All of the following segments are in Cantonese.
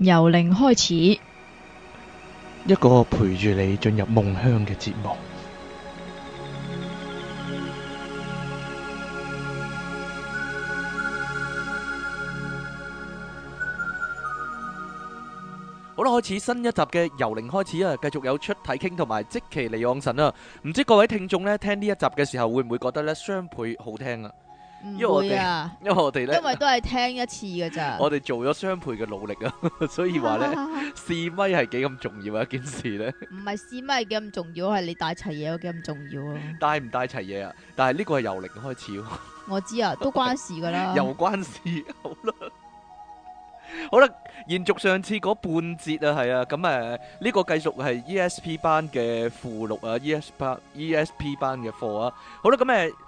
由零開始，一個陪住你進入夢鄉嘅節目。好啦，開始新一集嘅由零開始啊！繼續有出體傾同埋即其尼昂神啊！唔知各位聽眾呢，聽呢一集嘅時候會唔會覺得呢雙倍好聽啊？因為我哋，啊、因為我哋咧，因為都係聽一次嘅咋。我哋做咗雙倍嘅努力啊， 所以話咧試咪係幾咁重要啊一件事咧。唔係試咪係幾咁重要，係你帶齊嘢有幾咁重要啊。帶唔帶齊嘢啊？但係呢個係由零開始喎。 我知啊，都關事噶啦。又 關事，好啦。 好啦，延續上次嗰半節啊，係啊，咁、嗯、誒，呢、這個繼續係 ESP 班嘅附錄啊，ESP ESP 班嘅課啊。好啦，咁、嗯、誒。嗯嗯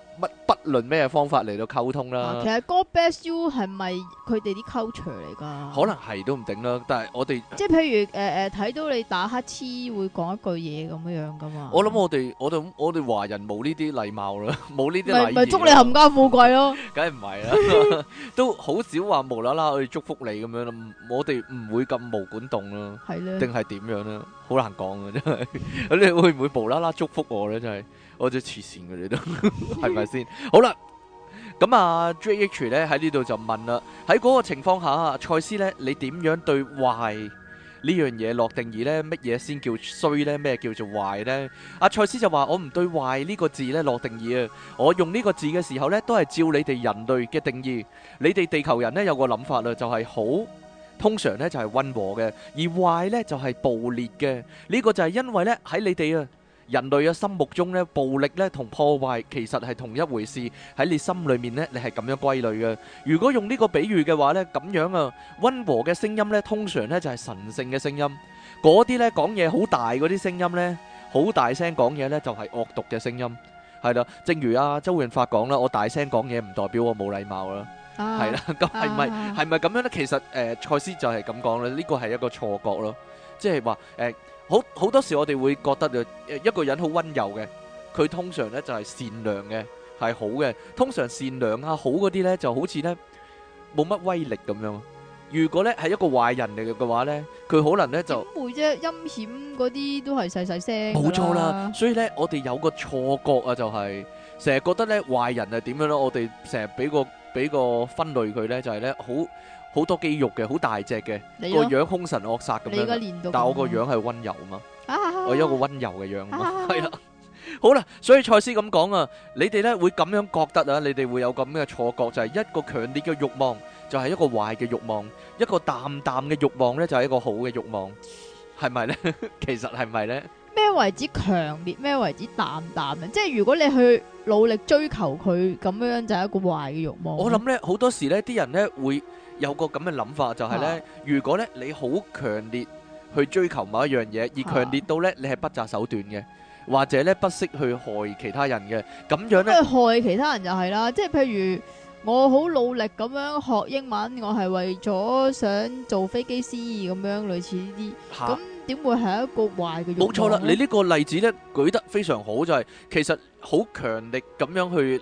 乜不論咩方法嚟到溝通啦，其實 God bless you 係咪佢哋啲 culture 嚟噶？可能係都唔定啦，但係我哋即係譬如誒誒，睇到你打乞嗤會講一句嘢咁樣樣噶嘛？我諗我哋我哋我哋華人冇呢啲禮貌啦，冇呢啲禮貌唔係唔係祝你冚家富貴咯？梗係唔係啦，都好少話無啦啦去祝福你咁樣咯。我哋唔會咁無管動咯，係咧，定係點樣咧？好難講嘅，真係咁你會唔會無啦啦祝福我咧？真係。我最黐線嘅你都係咪先？ 吧 好啦，咁啊，Jace 呢喺呢度就問啦，喺嗰個情況下，賽斯呢，你點樣對壞呢樣嘢落定義呢？乜嘢先叫衰呢？咩叫做壞呢？啊」阿賽斯就話：我唔對壞呢個字呢落定義啊！我用呢個字嘅時候呢，都係照你哋人類嘅定義。你哋地球人呢，有個諗法啦，就係、是、好通常呢就係、是、温和嘅，而壞呢，就係、是、暴烈嘅。呢、這個就係因為呢，喺你哋啊。人類嘅心目中咧，暴力咧同破壞其實係同一回事。喺你心裏面咧，你係咁樣歸類嘅。如果用呢個比喻嘅話咧，咁樣啊，溫和嘅聲音咧，通常咧就係神性嘅聲音。嗰啲咧講嘢好大嗰啲聲音咧，好大聲講嘢咧，就係惡毒嘅聲音。係啦，正如阿周潤發講啦，我大聲講嘢唔代表我冇禮貌啦。係啦，咁係咪係咪咁樣咧？其實誒，賽斯就係咁講啦。呢個係一個錯覺咯，即係話誒。好好多時我哋會覺得誒，一個人好温柔嘅，佢通常咧就係善良嘅，係好嘅。通常善良啊好嗰啲咧就好似咧冇乜威力咁樣。如果咧係一個壞人嚟嘅話咧，佢可能咧就點會啫？陰險嗰啲都係細細聲，冇錯啦。所以咧，我哋有個錯覺啊，就係成日覺得咧壞人係點樣咯？我哋成日俾個俾個分類佢咧，就係咧好。好多肌肉嘅，好大隻嘅個樣，凶神惡煞咁樣，但係我個樣係溫柔啊嘛，我一個溫柔嘅樣啊，係啦，好啦，所以賽斯咁講啊，你哋咧會咁樣覺得啊，你哋會有咁嘅錯覺，就係一個強烈嘅欲望就係一個壞嘅欲望，一個淡淡嘅欲望咧就係一個好嘅欲望，係咪咧？其實係咪咧？咩為之強烈？咩為之淡淡？即係如果你去努力追求佢咁樣，就係一個壞嘅欲望。我諗咧，好多時咧，啲人咧會。有個咁嘅諗法就係咧，如果咧你好強烈去追求某一樣嘢，而強烈到咧你係不擇手段嘅，或者咧不惜去害其他人嘅，咁樣咧害其他人就係啦，即係譬如我好努力咁樣學英文，我係為咗想做飛機師咁樣，類似呢啲，咁點會係一個壞嘅？冇錯啦，你呢個例子咧舉得非常好，就係其實好強力咁樣去。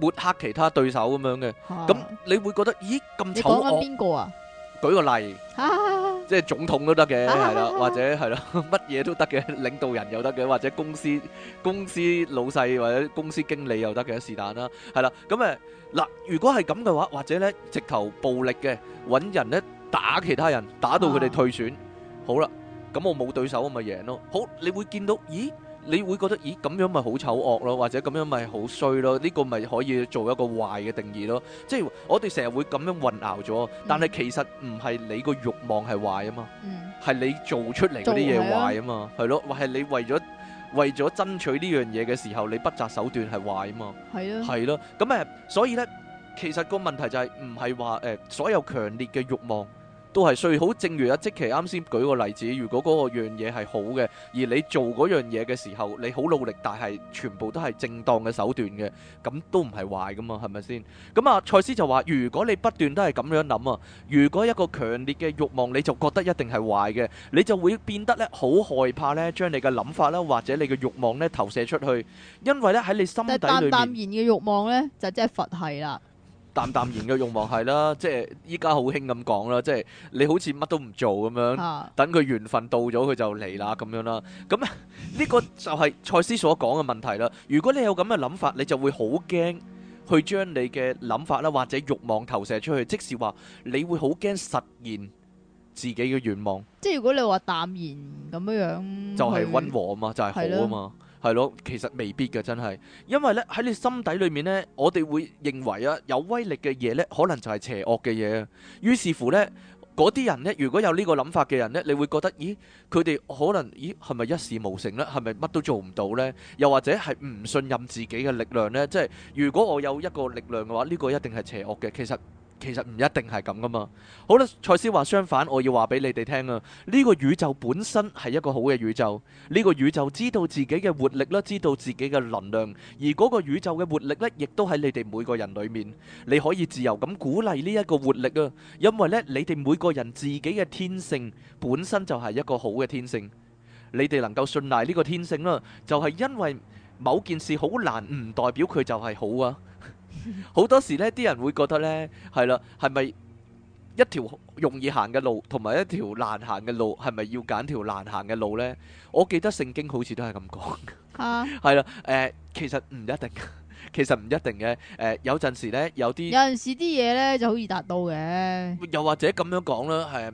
抹黑其他對手咁樣嘅，咁你會覺得，咦咁醜惡？邊個啊？舉個例，即係總統都得嘅，係啦，或者係啦，乜嘢都得嘅，領導人又得嘅，或者公司公司老細或者公司經理又得嘅，是但啦，係啦，咁誒嗱，如果係咁嘅話，或者咧直頭暴力嘅，搵人咧打其他人，打到佢哋退選，好啦，咁我冇對手咪贏咯，好，你會見到，咦？你會覺得，咦咁樣咪好醜惡咯，或者咁樣咪好衰咯？呢、這個咪可以做一個壞嘅定義咯。即係我哋成日會咁樣混淆咗，嗯、但係其實唔係你個欲望係壞啊嘛，係、嗯、你做出嚟嗰啲嘢壞啊嘛，係咯、啊，係你為咗為咗爭取呢樣嘢嘅時候，你不擇手段係壞啊嘛，係咯、啊，係咯、啊。咁誒、啊，所以呢，其實個問題就係唔係話誒所有強烈嘅欲望。都係，所以好，正如阿、啊、積奇啱先舉個例子，如果嗰個樣嘢係好嘅，而你做嗰樣嘢嘅時候，你好努力，但係全部都係正當嘅手段嘅，咁都唔係壞噶嘛，係咪先？咁啊，賽斯就話：如果你不斷都係咁樣諗啊，如果一個強烈嘅欲望，你就覺得一定係壞嘅，你就會變得咧好害怕咧，將你嘅諗法啦，或者你嘅欲望咧投射出去，因為咧喺你心底淡，淡然嘅欲望咧，就即係佛系啦。淡淡然嘅欲望係啦，即係依家好興咁講啦，即係你好似乜都唔做咁樣，啊、等佢緣分到咗佢就嚟啦咁樣啦。咁呢、這個就係賽斯所講嘅問題啦。如果你有咁嘅諗法，你就會好驚去將你嘅諗法啦，或者欲望投射出去，即係話你會好驚實現自己嘅願望。即係如果你話淡然咁樣，就係溫和啊嘛，就係、是、好啊嘛。係咯，其實未必嘅，真係，因為呢，喺你心底裏面呢，我哋會認為啊，有威力嘅嘢呢，可能就係邪惡嘅嘢。於是乎呢，嗰啲人呢，如果有呢個諗法嘅人呢，你會覺得，咦，佢哋可能，咦，係咪一事無成呢？係咪乜都做唔到呢？又或者係唔信任自己嘅力量呢？即係如果我有一個力量嘅話，呢個一定係邪惡嘅。其實。其實唔一定係咁噶嘛，好啦，賽斯話相反，我要話俾你哋聽啊，呢個宇宙本身係一個好嘅宇宙，呢個宇宙知道自己嘅活力啦，知道自己嘅能量，而嗰個宇宙嘅活力咧，亦都喺你哋每個人裏面，你可以自由咁鼓勵呢一個活力啊，因為咧你哋每個人自己嘅天性本身就係一個好嘅天性，你哋能夠信賴呢個天性啦，就係因為某件事好難唔代表佢就係好啊。好 多時呢啲人會覺得呢，係啦，係咪一條容易行嘅路，同埋一條難行嘅路，係咪要揀條難行嘅路呢？我記得聖經好似都係咁講，係啦、啊，誒、呃，其實唔一定，其實唔一定嘅，誒、呃，有陣時呢，有啲有陣時啲嘢呢就好易達到嘅，又或者咁樣講啦，係、呃、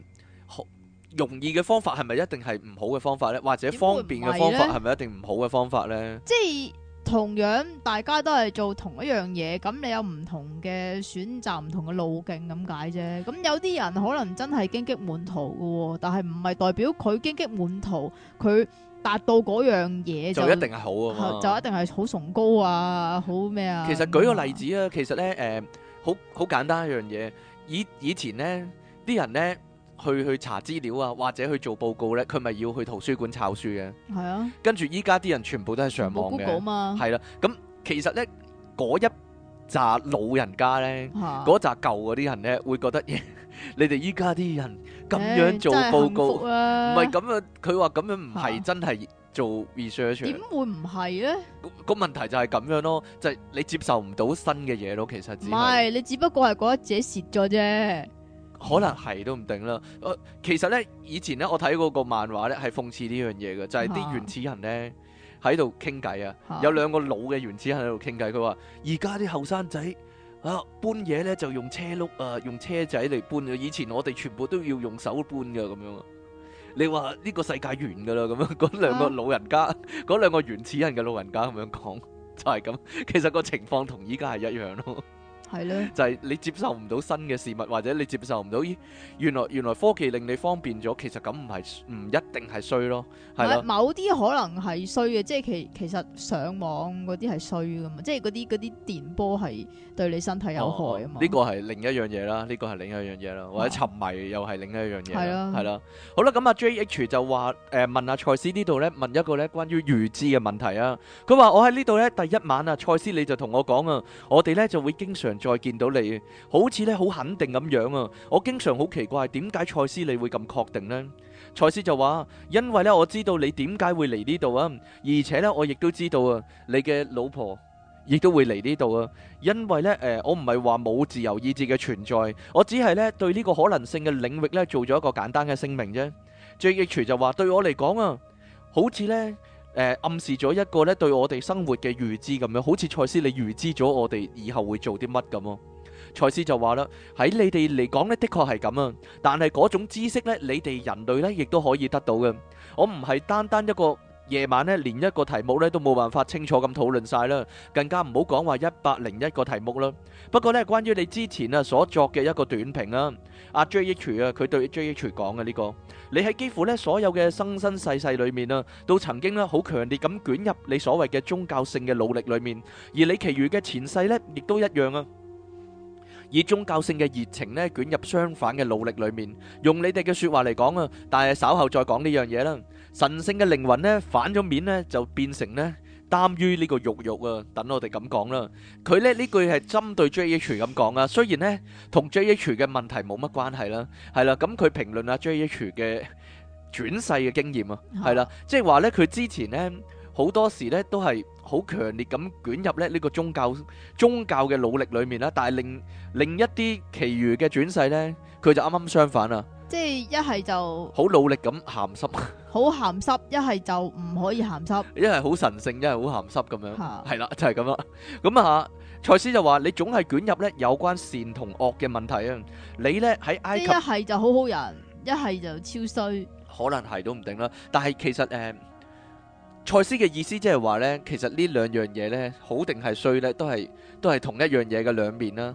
容易嘅方法係咪一定係唔好嘅方法呢？或者方便嘅方法係咪一定唔好嘅方法呢？即係。同樣大家都係做同一樣嘢，咁你有唔同嘅選擇，唔同嘅路徑咁解啫。咁有啲人可能真係荊棘滿途㗎喎，但係唔係代表佢荊棘滿途，佢達到嗰樣嘢就，就一定係好嘅，就一定係好崇高啊，好咩啊？其實舉個例子啊，其實咧誒，好、呃、好簡單一樣嘢。以以前咧啲人咧，去去查資料啊，或者去做報告咧，佢咪要去圖書館抄書嘅？係啊，跟住依家啲人全部都係上網嘅。報告嘛，係啦，咁其實咧，嗰一紮老人家咧，嗰紮舊嗰啲人咧，會覺得 你哋依家啲人咁樣做報告，唔係咁樣，佢話咁樣唔係真係做 research。點、啊、會唔係咧？個問題就係咁樣咯，就係、你接受唔到新嘅嘢咯，其實只係。唔係，你只不過係覺得自己蝕咗啫。嗯、可能係都唔定啦。我其實咧以前咧，我睇過個漫畫咧，係諷刺呢樣嘢嘅，就係、是、啲原始人咧喺度傾偈啊。嗯、有兩個老嘅原始人喺度傾偈，佢話：而家啲後生仔啊搬嘢咧就用車轆啊用車仔嚟搬，以前我哋全部都要用手搬噶咁樣。你話呢、這個世界完噶啦咁樣？嗰兩個老人家，嗰兩、嗯、 個原始人嘅老人家咁樣講，就係、是、咁。其實個情況同依家係一樣咯。係咯，就係你接受唔到新嘅事物，或者你接受唔到，原來原來科技令你方便咗，其實咁唔係唔一定係衰咯，係啦。某啲可能係衰嘅，即係其其實上網嗰啲係衰噶嘛，即係嗰啲嗰啲電波係對你身體有害啊嘛。呢、哦哦呢個係另一樣嘢啦，呢、呢個係另一樣嘢啦，或者沉迷又係另一樣嘢，係咯、哦，係啦的。好啦，咁阿 JH 就話誒、呃、問阿蔡思呢度咧，問一個咧關於預知嘅問題啊。佢話我喺呢度咧第一晚啊，蔡思你就同我講啊，我哋咧就會經常。再見到你好似咧好肯定咁樣啊！我經常好奇怪，點解賽斯你會咁確定呢？賽斯就話：因為咧，我知道你點解會嚟呢度啊，而且咧，我亦都知道啊，你嘅老婆亦都會嚟呢度啊！因為咧，誒，我唔係話冇自由意志嘅存在，我只係咧對呢個可能性嘅領域咧做咗一個簡單嘅聲明啫。張逸除就話：對我嚟講啊，好似咧。誒、呃、暗示咗一個咧對我哋生活嘅預知咁樣，好似賽斯你預知咗我哋以後會做啲乜咁咯。賽斯就話啦：喺你哋嚟講咧，的確係咁啊，但係嗰種知識咧，你哋人類咧亦都可以得到嘅。我唔係單單一個。夜晚咧，連一個題目咧都冇辦法清楚咁討論晒啦，更加唔好講話一百零一個題目啦。不過咧，關於你之前啊所作嘅一個短評啊，阿 J.H. 啊，佢對 J.H. 講嘅呢個，你喺幾乎咧所有嘅生生世世裏面啊，都曾經咧好強烈咁捲入你所謂嘅宗教性嘅努力裏面，而你其餘嘅前世咧，亦都一樣啊，以宗教性嘅熱情咧捲入相反嘅努力裏面。用你哋嘅說話嚟講啊，但係稍後再講呢樣嘢啦。神聖嘅靈魂咧，反咗面咧，就變成咧，耽於呢個肉欲啊！等我哋咁講啦，佢咧呢句係針對 JH 咁講啊，雖然咧同 JH 嘅問題冇乜關係啦，係啦，咁佢評論啊 JH 嘅轉世嘅經驗啊，係啦，即係話咧佢之前咧好多時咧都係好強烈咁捲入咧呢個宗教宗教嘅努力裏面啦，但係另另一啲其餘嘅轉世咧，佢就啱啱相反啊。即係一係就好努力咁鹹濕，好鹹濕；一係就唔可以鹹濕，一係好神聖，一係好鹹濕咁樣，係啦，就係咁啦。咁啊，賽斯就話你總係捲入咧有關善同惡嘅問題啊。你咧喺埃及一係就好好人，一係就超衰，可能係都唔定啦。但係其實誒，賽斯嘅意思即係話咧，其實呢兩樣嘢咧，好定係衰咧，都係都係同一樣嘢嘅兩面啦。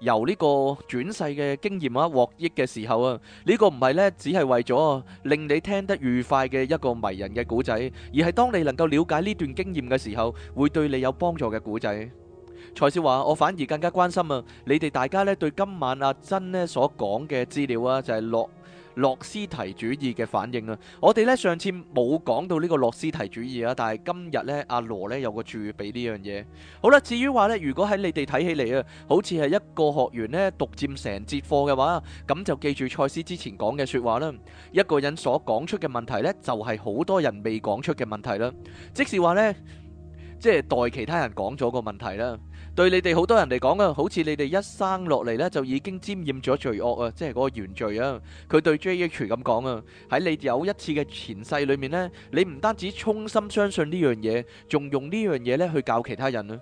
由呢個轉世嘅經驗啊獲益嘅時候啊，呢個唔係呢，只係為咗令你聽得愉快嘅一個迷人嘅故仔，而係當你能夠了解呢段經驗嘅時候，會對你有幫助嘅故仔。蔡少華：我反而更加關心啊，你哋大家呢對今晚阿珍呢所講嘅資料啊，就係落。諾斯提主義嘅反應啊！我哋咧上次冇講到呢個諾斯提主義啊，但係今日咧阿羅咧有個注俾呢樣嘢。好啦，至於話咧，如果喺你哋睇起嚟啊，好似係一個學員咧獨佔成節課嘅話，咁就記住賽斯之前講嘅説話啦。一個人所講出嘅問題咧，就係好多人未講出嘅問題啦。即是話咧，即係代其他人講咗個問題啦。對你哋好多人嚟講啊，好似你哋一生落嚟咧就已經沾染咗罪惡啊，即係嗰個原罪啊。佢對 JH 咁講啊，喺你有一次嘅前世裏面咧，你唔單止衷心相信呢樣嘢，仲用呢樣嘢咧去教其他人啊。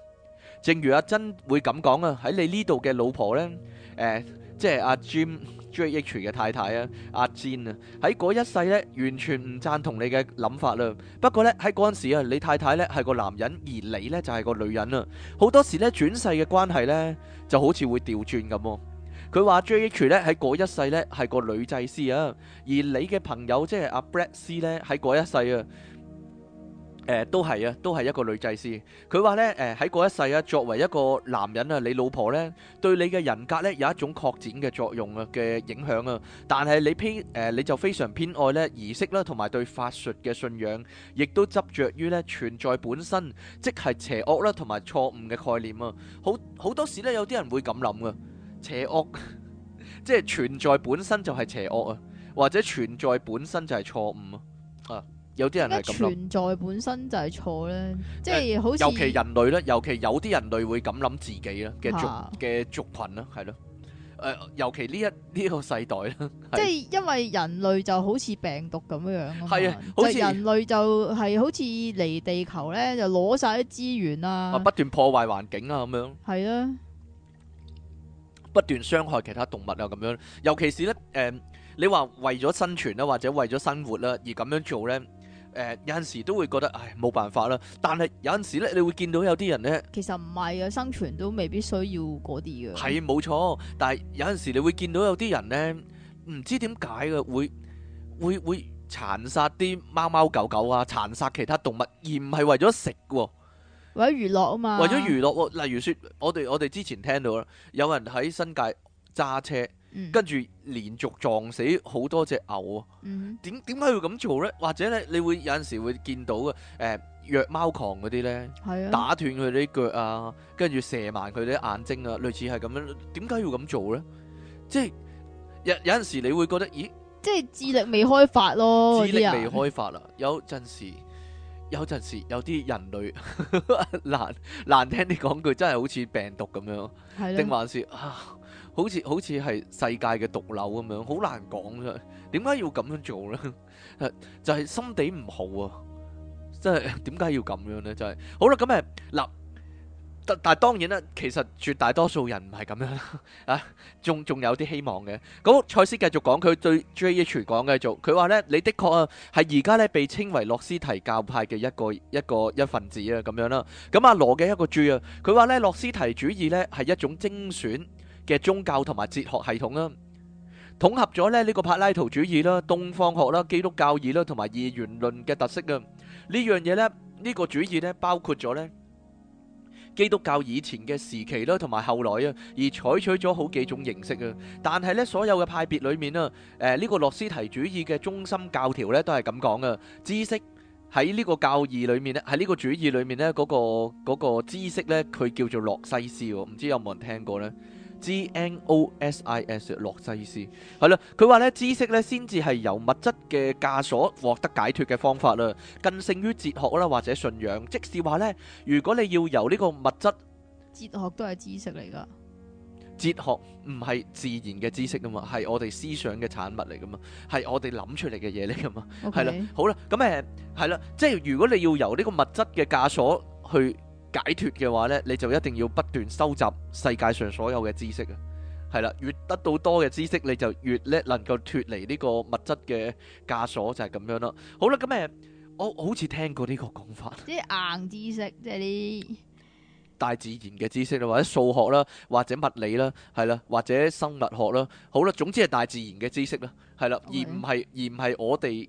正如阿珍會咁講啊，喺你呢度嘅老婆咧，誒，即係阿 Jim。J·E·Crew 嘅太太啊，阿 Jane 啊，喺嗰一世咧完全唔贊同你嘅諗法啦。不過呢，喺嗰陣時啊，你太太咧係個男人，而你呢就係個女人啊。好多時呢，轉世嘅關係呢就好似會調轉咁。佢話 J·E·Crew 咧喺嗰一世咧係個女祭司啊，而你嘅朋友即係阿 Brad 師咧喺嗰一世啊。誒、呃，都係啊，都係一個女祭司。佢話呢，誒喺嗰一世啊，作為一個男人啊，你老婆呢，對你嘅人格呢，有一種擴展嘅作用啊嘅影響啊。但係你偏、誒、呃，你就非常偏愛咧儀式啦、啊，同埋對法術嘅信仰，亦都執着於咧存在本身，即係邪惡啦、啊，同埋錯誤嘅概念啊。好好多時呢，有啲人會咁諗啊，邪惡， 即係存在本身就係邪惡啊，或者存在本身就係錯誤啊。啊。有啲人係咁諗，存在本身就係錯咧，即係好似尤其人類咧，尤其有啲人類會咁諗自己咧嘅族嘅族群啦，係咯，誒，尤其呢一呢個世代啦，即係因為人類就好似病毒咁樣樣，係啊，好似人類就係好似嚟地球咧就攞晒啲資源啊，不斷破壞環境啊咁樣，係啊，不斷傷害其他動物啊咁樣，尤其是咧，誒，你話為咗生存啦，或者為咗生活啦而咁樣做咧。誒、呃、有陣時都會覺得，唉，冇辦法啦。但係有陣時咧，你會見到有啲人咧，其實唔係啊，生存都未必需要嗰啲嘅。係冇錯，但係有陣時你會見到有啲人咧，唔知點解嘅會會會，會殘殺啲貓貓狗狗啊，殘殺其他動物，而唔係為咗食嘅，為咗娛樂啊嘛。為咗娛樂，例如説，我哋我哋之前聽到啦，有人喺新界揸車。跟住、嗯、連續撞死好多隻牛，啊，點點解要咁做咧？或者咧，你會有陣時會見到嘅，誒、呃，虐貓狂嗰啲咧，的打斷佢啲腳啊，跟住射埋佢啲眼睛啊，類似係咁樣，點解要咁做咧？即係有有陣時你會覺得，咦，即係智力未開發咯，啊、智力未開發啦、啊嗯。有陣時，有陣時有啲人類 難難聽啲講句，真係好似病毒咁樣，定的 還是，是啊？好似好似係世界嘅毒瘤咁樣，好難講㗎。點解要咁樣做咧？就係心地唔好啊，即係點解要咁樣咧？就係好啦，咁誒嗱，但但係當然啦，其實絕大多數人唔係咁樣啊，仲仲有啲希望嘅。咁賽斯繼續講佢對 JH 講繼續，佢話咧，你的確啊係而家咧被稱為諾斯提教派嘅一個一個一分子啊，咁樣啦。咁阿羅嘅一個 G 啊，佢話咧諾斯提主義咧係一種精選。嘅宗教同埋哲學系統啊，統合咗咧呢個柏拉圖主義啦、東方學啦、基督教義啦同埋二元論嘅特色啊，呢樣嘢呢，呢個主義咧包括咗咧基督教以前嘅時期啦同埋後來啊，而採取咗好幾種形式啊，但係呢所有嘅派別裏面啊，誒呢個諾斯提主義嘅中心教條咧都係咁講啊，知識喺呢個教義裏面咧喺呢個主義裏面呢、嗰個、嗰個、嗰個知識呢佢叫做諾西斯，唔知有冇人聽過呢？gnosis 洛西斯係啦，佢話咧知識咧先至係由物質嘅枷鎖獲得解脫嘅方法啦，更勝於哲學啦或者信仰。即係話咧，如果你要由呢個物質，哲學都係知識嚟噶。哲學唔係自然嘅知識吖嘛，係我哋思想嘅產物嚟噶嘛，係我哋諗出嚟嘅嘢嚟噶嘛。係啦 Okay.，好啦，咁誒係啦，即係、就是、如果你要由呢個物質嘅枷鎖去。解脫嘅話呢，你就一定要不斷收集世界上所有嘅知識啊，係啦，越得到多嘅知識，你就越咧能夠脫離呢個物質嘅枷鎖，就係、是、咁樣啦。好啦，咁誒，我好似聽過呢個講法，即係硬知識，即係啲大自然嘅知識啦，或者數學啦，或者物理啦，係啦，或者生物學啦，好啦，總之係大自然嘅知識啦，係啦，而唔係 Okay. 而唔係我哋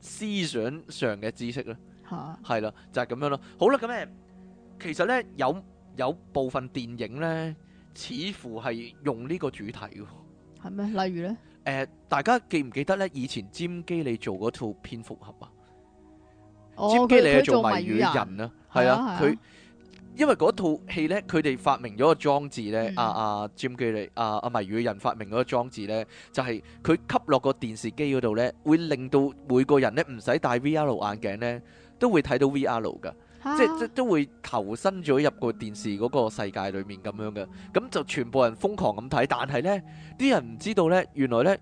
思想上嘅知識啦，係啦，就係、是、咁樣咯。好啦，咁誒。其實咧有有部分電影咧，似乎係用呢個主題喎。係咩？例如咧？誒、呃，大家記唔記得咧？以前詹基利做嗰套蝙蝠俠啊，詹基利係做謎語人啊，係啊，佢因為嗰套戲咧，佢哋發明咗個裝置咧，啊、嗯、啊，詹基利，啊阿謎語人發明嗰個裝置咧，就係、是、佢吸落個電視機嗰度咧，會令到每個人咧唔使戴 V R 眼鏡咧，都會睇到 V R 噶。即係即係都會投身咗入個電視嗰個世界裡面咁樣嘅，咁就全部人瘋狂咁睇。但係呢啲人唔知道呢，原來呢，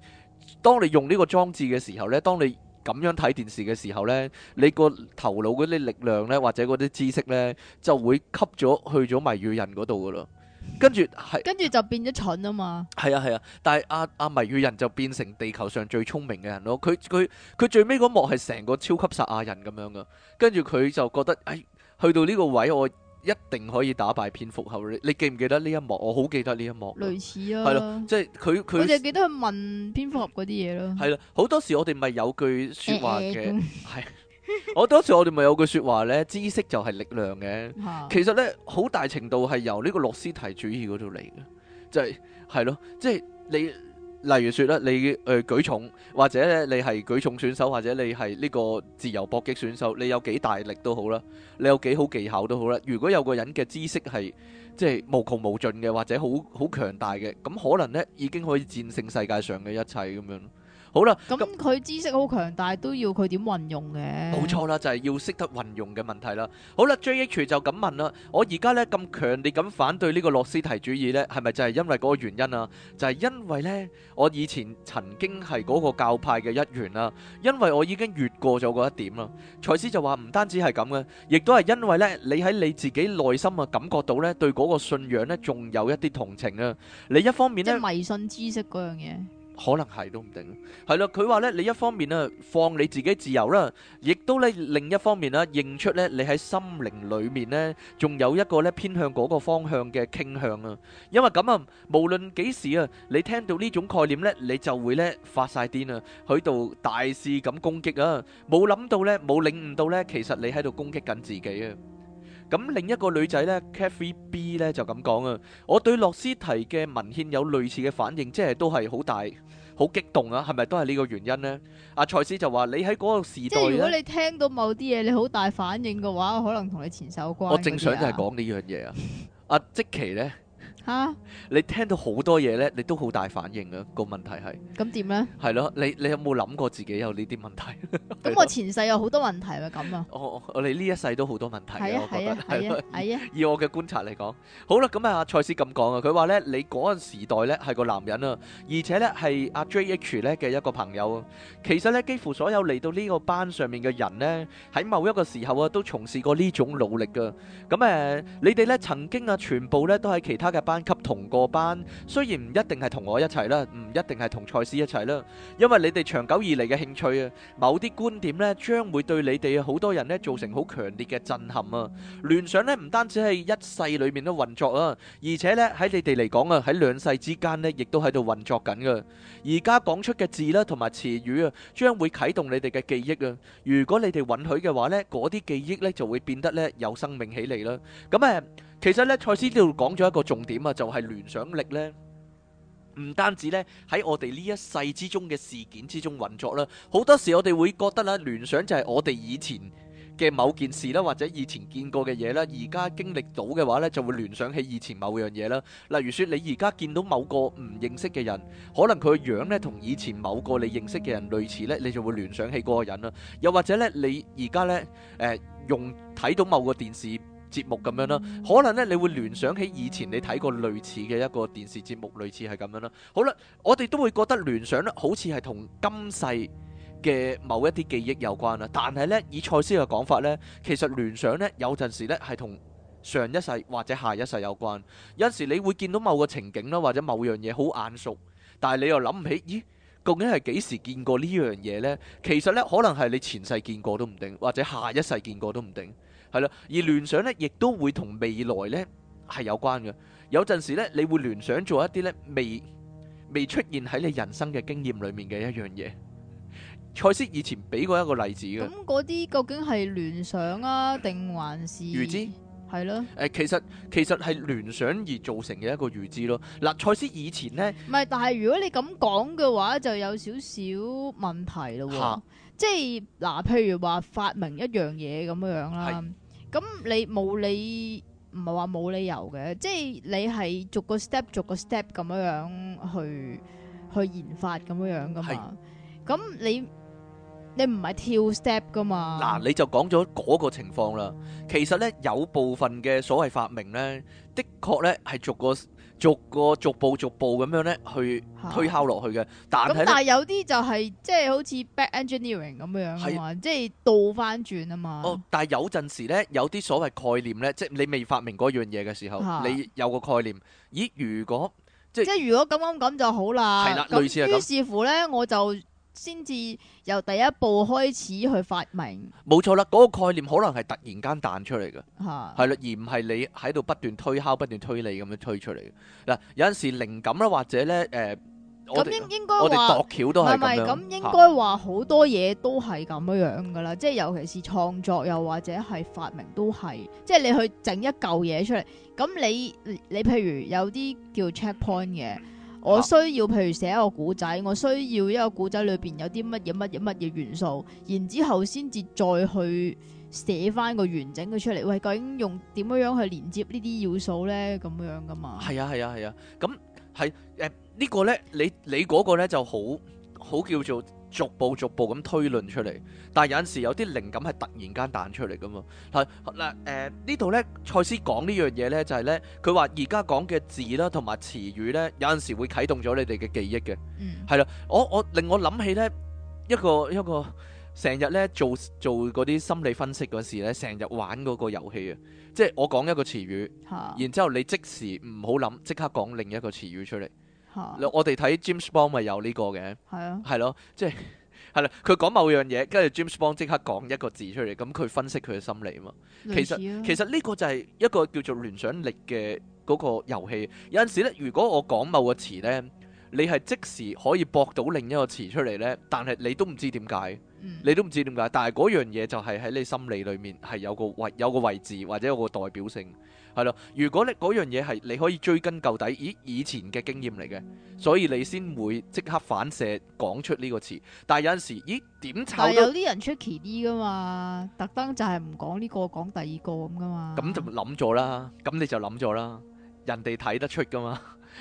當你用呢個裝置嘅時候呢，當你咁樣睇電視嘅時候呢，你個頭腦嗰啲力量呢，或者嗰啲知識呢，就會吸咗去咗迷語人嗰度㗎咯。跟住、嗯、是跟住就變咗蠢啊嘛。係啊係啊，啊，但係阿阿迷語人就變成地球上最聰明嘅人咯。佢佢佢最尾嗰幕係成個超級撒亞人咁樣㗎，跟住佢就覺得誒。哎去到呢個位，我一定可以打敗蝙蝠俠。你你記唔記得呢一幕？我好記得呢一幕。類似啊，係咯，即係佢佢。我就記得去問蝙蝠俠嗰啲嘢咯。係啦，好多時我哋咪有句說話嘅，係。 好多時我哋咪有句說話咧，知識就係力量嘅。 其實咧，好大程度係由呢個洛斯提主義嗰度嚟嘅，就係係咯，即係、就係、你。例如説咧，你、呃、誒舉重，或者你係舉重選手，或者你係呢個自由搏擊選手，你有幾大力都好啦，你有幾好技巧都好啦。如果有個人嘅知識係即係無窮無盡嘅，或者好好強大嘅，咁可能呢已經可以戰勝世界上嘅一切咁樣。好啦，咁佢知識好強，但係都要佢點運用嘅？冇錯啦，就係要識得運用嘅問題啦。好啦，JH 就咁問啦。我而家咧咁強烈咁反對呢個諾斯提主義咧，係咪就係因為嗰個原因啊？就係因為咧，我以前曾經係嗰個教派嘅一員啦，因為我已經越過咗嗰一點啦。賽斯就話唔單止係咁嘅，亦都係因為咧，你喺你自己內心啊感覺到咧，對嗰個信仰咧，仲有一啲同情啦。你一方面咧迷信知識嗰樣嘢。可能係都唔定，係啦，佢話呢，你一方面啊，放你自己自由啦，亦都呢，另一方面啦，認出呢，你喺心靈裏面呢，仲有一個呢，偏向嗰個方向嘅傾向啊。因為咁啊，無論幾時啊，你聽到呢種概念呢，你就會呢發晒癲啊，喺度大肆咁攻擊啊，冇諗到呢，冇領悟到呢，其實你喺度攻擊緊自己啊。咁另一個女仔咧，Kathy B 咧就咁講啊，我對諾斯提嘅文獻有類似嘅反應，即係都係好大、好激動啊，係咪都係呢個原因咧？阿蔡斯就話：你喺嗰個時代，如果你聽到某啲嘢，你好大反應嘅話，我可能同你前手有關，啊。我正想就係講呢樣嘢啊。阿積、 啊、奇咧。吓！哈你聽到好多嘢咧，你都好大反應嘅個問題係。咁點咧？係咯，你你有冇諗過自己有呢啲問題？咁我前世有好多問題喎，咁啊 的！我我、 哦、你呢一世都好多問題啊！係啊，係啊，係啊！以我嘅觀察嚟講，好啦，咁啊，賽斯咁講啊，佢話咧，你嗰個時代咧係個男人啊，而且咧係阿 J H 咧嘅一個朋友啊。其實咧，幾乎所有嚟到呢個班上面嘅人咧，喺某一個時候啊，都從事過呢種努力噶。咁誒、呃，你哋咧曾經啊，全部咧都喺其他嘅班。班級同個班，雖然唔一定係同我一齊啦，唔一定係同賽斯一齊啦，因為你哋長久以嚟嘅興趣啊，某啲觀點咧，將會對你哋好多人咧造成好強烈嘅震撼啊！聯想咧，唔單止係一世裏面都運作啊，而且咧喺你哋嚟講啊，喺兩世之間咧，亦都喺度運作緊噶。而家講出嘅字啦，同埋詞語啊，將會啟動你哋嘅記憶啊。如果你哋允許嘅話咧，嗰啲記憶咧就會變得咧有生命起嚟啦。咁誒。其實咧，賽斯呢度講咗一個重點啊，就係、是、聯想力呢，唔單止呢喺我哋呢一世之中嘅事件之中運作啦。好多時我哋會覺得啦，聯想就係我哋以前嘅某件事啦，或者以前見過嘅嘢啦，而家經歷到嘅話呢，就會聯想起以前某樣嘢啦。例如說，你而家見到某個唔認識嘅人，可能佢嘅樣呢同以前某個你認識嘅人類似呢，你就會聯想起嗰個人啦。又或者呢，你而家呢誒、呃，用睇到某個電視。節目咁樣咯，可能咧你會聯想起以前你睇過類似嘅一個電視節目，類似係咁樣啦。好啦，我哋都會覺得聯想咧，好似係同今世嘅某一啲記憶有關啦。但係呢，以賽斯嘅講法呢，其實聯想呢，有陣時呢係同上一世或者下一世有關。有時你會見到某個情景啦，或者某樣嘢好眼熟，但係你又諗唔起，咦？究竟係幾時見過呢樣嘢呢？其實呢，可能係你前世見過都唔定，或者下一世見過都唔定。係啦，而聯想咧，亦都會同未來咧係有關嘅。有陣時咧，你會聯想做一啲咧未未出現喺你人生嘅經驗裏面嘅一樣嘢。賽斯以前俾過一個例子嘅。咁嗰啲究竟係聯想啊，定還是預知？係咯。誒，其實其實係聯想而造成嘅一個預知咯。嗱，賽斯以前咧，唔係，但係如果你咁講嘅話，就有少少問題咯喎。啊，即係嗱，譬如話發明一樣嘢咁樣樣啦。咁你冇理，唔係話冇理由嘅，即係你係逐個 step 逐個 step 咁樣樣去去研發咁樣樣噶嘛？咁是你你唔係跳 step 噶嘛？嗱，你就講咗嗰個情況啦。其實咧，有部分嘅所謂發明咧，的確咧係逐個。逐個逐步逐步咁樣咧去推敲落去嘅，但係有啲就係、是、即係好似 back engineering 咁樣啊是嘛，即係倒翻轉啊嘛。哦，但係有陣時咧，有啲所謂概念咧，即係你未發明嗰樣嘢嘅時候，是你有個概念，咦？如果即係即係如果咁樣咁就好啦，係啦的，類似係咁。於是乎咧，我就，先至由第一步開始去發明，冇錯啦。嗰、那個概念可能係突然間彈出嚟嘅，係啦、啊，而唔係你喺度不斷推敲、不斷推理咁樣推出嚟嘅。嗱，有陣時靈感啦，或者咧誒，咁、呃、應、嗯、們應該話，唔係咁應該話好多嘢都係咁樣樣㗎啦。即係、啊、尤其是創作，又或者係發明都，都係即係你去整一嚿嘢出嚟。咁你你，你譬如有啲叫 check point 嘅。我需要譬如寫一個古仔，我需要一個古仔裏邊有啲乜嘢乜嘢乜嘢元素，然之後先至再去寫翻個完整嘅出嚟。喂，究竟用點樣樣去連接呢啲要素咧？咁樣噶嘛？係啊係啊係啊，咁係誒呢個咧，你你嗰個咧就好好叫做。逐步逐步咁推論出嚟，但係有陣時有啲靈感係突然間彈出嚟噶嘛。嗱嗱，誒呢度咧，賽斯講呢樣嘢咧，就係咧，佢話而家講嘅字啦，同埋詞語咧，有陣時會啟動咗你哋嘅記憶嘅。嗯，係啦，我我令我諗起咧一個一個成日咧做做嗰啲心理分析嗰時咧，成日玩嗰個遊戲啊，即係我講一個詞語，嗯，然之後你即時唔好諗，即刻講另一個詞語出嚟。我哋睇 James Bond 咪有呢個嘅，係啊，係咯，即係係啦。佢講某樣嘢，跟住 James Bond 即刻講一個字出嚟，咁佢分析佢嘅心理啊嘛。其實其實呢個就係一個叫做聯想力嘅嗰個遊戲。有陣時咧，如果我講某個詞咧，你係即時可以駁到另一個詞出嚟咧，但係你都唔知點解，嗯、你都唔知點解。但係嗰樣嘢就係喺你心理裡面係有個位，有個位置或者有個代表性。係咯，如果你嗰樣嘢係你可以追根究底，咦以前嘅經驗嚟嘅，所以你先會即刻反射講出呢個詞。但係有陣時，咦點炒？有啲人出奇啲噶嘛，特登就係唔講呢個，講第二個咁噶嘛。咁就諗咗啦，咁你就諗咗啦，人哋睇得出噶嘛，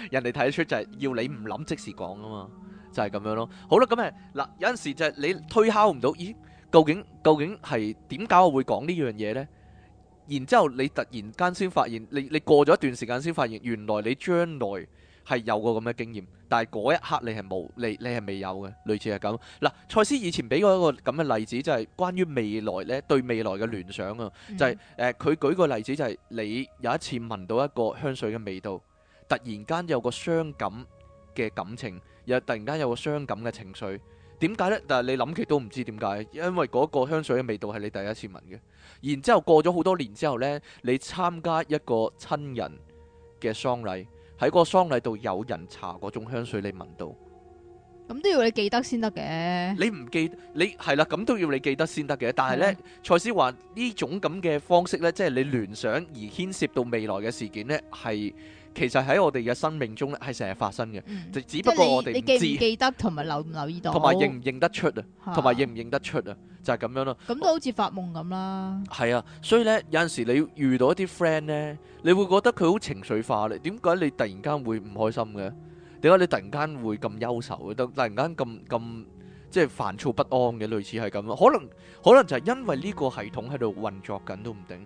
人哋睇得出就係要你唔諗即時講噶嘛，就係、是、咁樣咯。好啦，咁啊嗱，有陣時就係你推敲唔到，咦究竟究竟係點解我會講呢樣嘢咧？然之後，你突然間先發現，你你過咗一段時間先發現，原來你將來係有過咁嘅經驗，但係嗰一刻你係冇，你你係未有嘅，類似係咁。嗱、啊，賽斯以前俾過一個咁嘅例子，就係、是、關於未來呢對未來嘅聯想啊，嗯、就係、是、佢、呃、舉個例子就係、是、你有一次聞到一個香水嘅味道，突然間有個傷感嘅感情，又突然間有個傷感嘅情緒。點解呢？但係你諗極都唔知點解，因為嗰個香水嘅味道係你第一次聞嘅。然之後過咗好多年之後呢，你參加一個親人嘅喪禮，喺個喪禮度有人搽嗰種香水，你聞到，咁都要你記得先得嘅。你唔記，你係啦，咁都要你記得先得嘅。但係呢，嗯、蔡思華呢種咁嘅方式呢，即係你聯想而牽涉到未來嘅事件呢，係。其實喺我哋嘅生命中咧，係成日發生嘅，就、嗯、只不過我哋唔記唔記得，同埋留唔留意到，同埋認唔認得出啊，同埋認唔認得出啊，就係、是、咁樣咯。咁都好似發夢咁啦。係、嗯、啊，所以咧，有陣時你遇到一啲 friend 咧，你會覺得佢好情緒化咧。點解你突然間會唔開心嘅？點解你突然間會咁憂愁？嘅突然間咁咁，即係煩躁不安嘅，類似係咁。可能可能就係因為呢個系統喺度運作緊都唔定。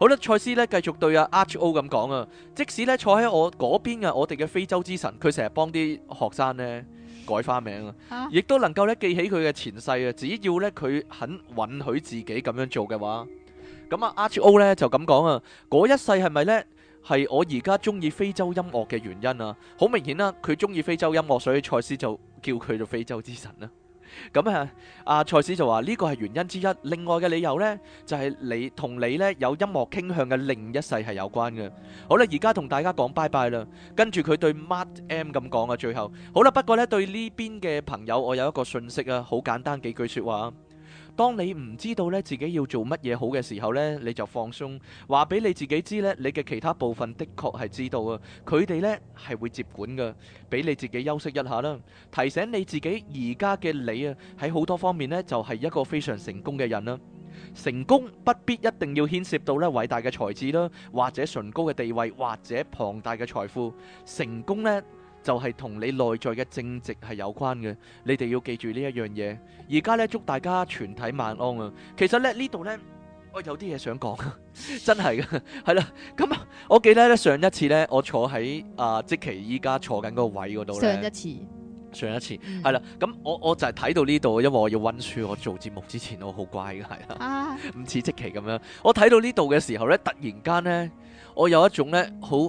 好啦，賽斯咧繼續對阿 h O 咁講啊，即使咧坐喺我嗰邊嘅我哋嘅非洲之神，佢成日幫啲學生咧改花名啊，亦都能夠咧記起佢嘅前世啊。只要咧佢肯允許自己咁樣做嘅話，咁啊 h O 咧就咁講啊，嗰一世係咪咧係我而家中意非洲音樂嘅原因啊？好明顯啦，啊，佢中意非洲音樂，所以賽斯就叫佢做非洲之神啊。咁啊，阿賽斯就話呢，這個係原因之一，另外嘅理由呢，就係、是、你同你咧有音樂傾向嘅另一世係有關嘅。好啦，而家同大家講拜拜 e 啦，跟住佢對 Matt M 咁講啊，最後好啦，不過呢，對呢邊嘅朋友，我有一個訊息啊，好簡單幾句說話。當你唔知道咧自己要做乜嘢好嘅時候咧，你就放鬆，話俾你自己知咧，你嘅其他部分的確係知道啊，佢哋咧係會接管㗎，俾你自己休息一下啦，提醒你自己，而家嘅你啊，喺好多方面咧就係一個非常成功嘅人啦。成功不必一定要牽涉到咧偉大嘅才智啦，或者崇高嘅地位，或者龐大嘅財富。成功咧，就係同你內在嘅正直係有關嘅，你哋要記住一呢一樣嘢。而家咧，祝大家全體萬安啊！其實咧，呢度咧，我有啲嘢想講， 真係嘅，係啦。咁啊，我記得咧上一次咧，我坐喺啊即其依家坐緊嗰個位嗰度咧。上一次，上一次係啦。咁、嗯、我我就係睇到呢度，因為我要溫書，我做節目之前我好乖嘅，係啦，唔似、啊、 即其咁樣。我睇到呢度嘅時候咧，突然間咧，我有一種咧好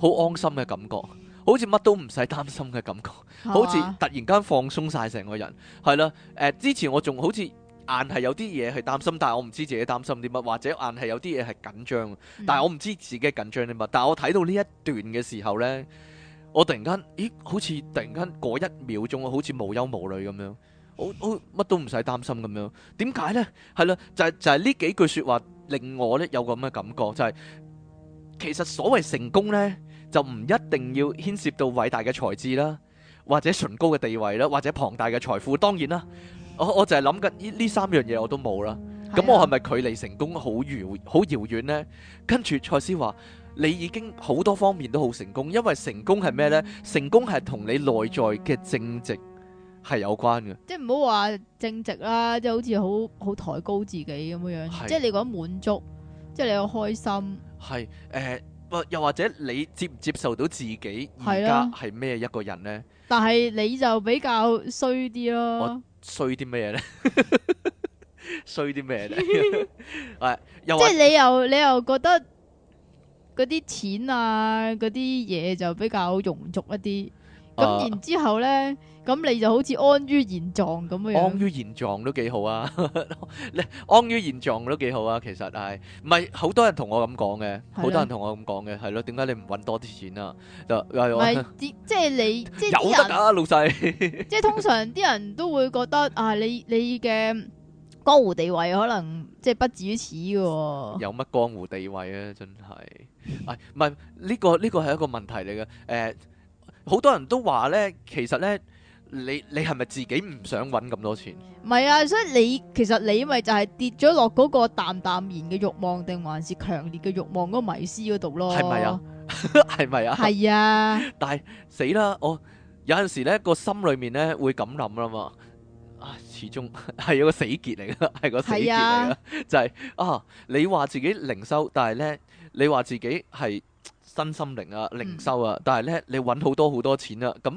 好安心嘅感覺。好似乜都唔使擔心嘅感覺，好似突然間放鬆晒成個人，係啦，誒，之前我仲好似硬係有啲嘢係擔心，但係我唔知自己擔心啲乜，或者硬係有啲嘢係緊張，但係我唔知自己緊張啲乜。但係我睇到呢一段嘅時候咧，我突然間，咦，好似突然間過一秒鐘，好似無憂無慮咁樣，我我乜都唔使擔心咁樣，點解咧？係啦，就係就係呢幾句說話令我咧有個咁嘅感覺，就係其實所謂成功咧。就唔一定要牽涉到偉大嘅才智啦，或者崇高嘅地位啦，或者龐大嘅財富。當然啦，我我就係諗緊呢呢三樣嘢我都冇啦。咁、啊、我係咪距離成功好遙好遙遠呢？跟住蔡司話：你已經好多方面都好成功，因為成功係咩呢？嗯、成功係同你內在嘅正直係有關嘅。即係唔好話正直啦，即係好似好好抬高自己咁樣，即係是你覺得滿足，即、就、係、是、你開心。係誒。呃又或者你接唔接受到自己而家係咩一個人呢？啊，但係你就比較衰啲咯。衰啲咩呢？衰啲咩呢？ 或者 即係你又你又覺得嗰啲錢啊，嗰啲嘢就比較庸俗一啲。咁然之後咧，咁你就好似安於現狀咁樣。安於現狀都幾好啊， 安於現狀都幾好啊。其實係唔係好多人同我咁講嘅，好多人同我咁講嘅，係咯？點解你唔搵多啲錢啊？就係 即係你即係有得啊，老細， 即係通常啲人都會覺得啊，你你嘅江湖地位可能即係不止於此嘅。有乜江湖地位咧？真係，唔係呢個呢個係一個問題嚟嘅，誒。好多人都話咧，其實咧，你你係咪自己唔想揾咁多錢？唔係是吧 啊，所以你其實你咪就係跌咗落嗰個淡淡然嘅慾望，定還是強烈嘅慾望嗰個迷思嗰度咯？係咪啊？係咪啊？係啊！但係死啦，我有陣時咧個心裏面咧會咁諗啦嘛是啊、就是，啊，始終係有個死結嚟噶，係個死結嚟噶，就係啊，你話自己零收，但係咧，你話自己係。身心靈啊，靈修啊，但係咧，你揾好多好多錢啊。咁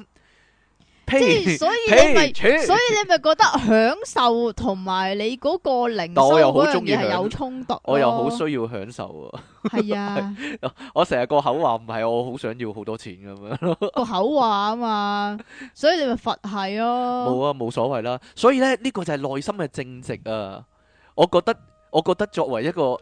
即係所以你咪呸所以你咪覺得享受同埋你嗰個靈修我又好鍾意係有衝突，我又好、啊、需要享受啊，係 是啊， 我成日個口話唔係我好想要好多錢咁樣，個口話啊嘛，所以你咪佛系咯、啊 啊，冇啊冇所謂啦，所以咧呢、呢個就係內心嘅正直啊，我覺得我覺得作為一個。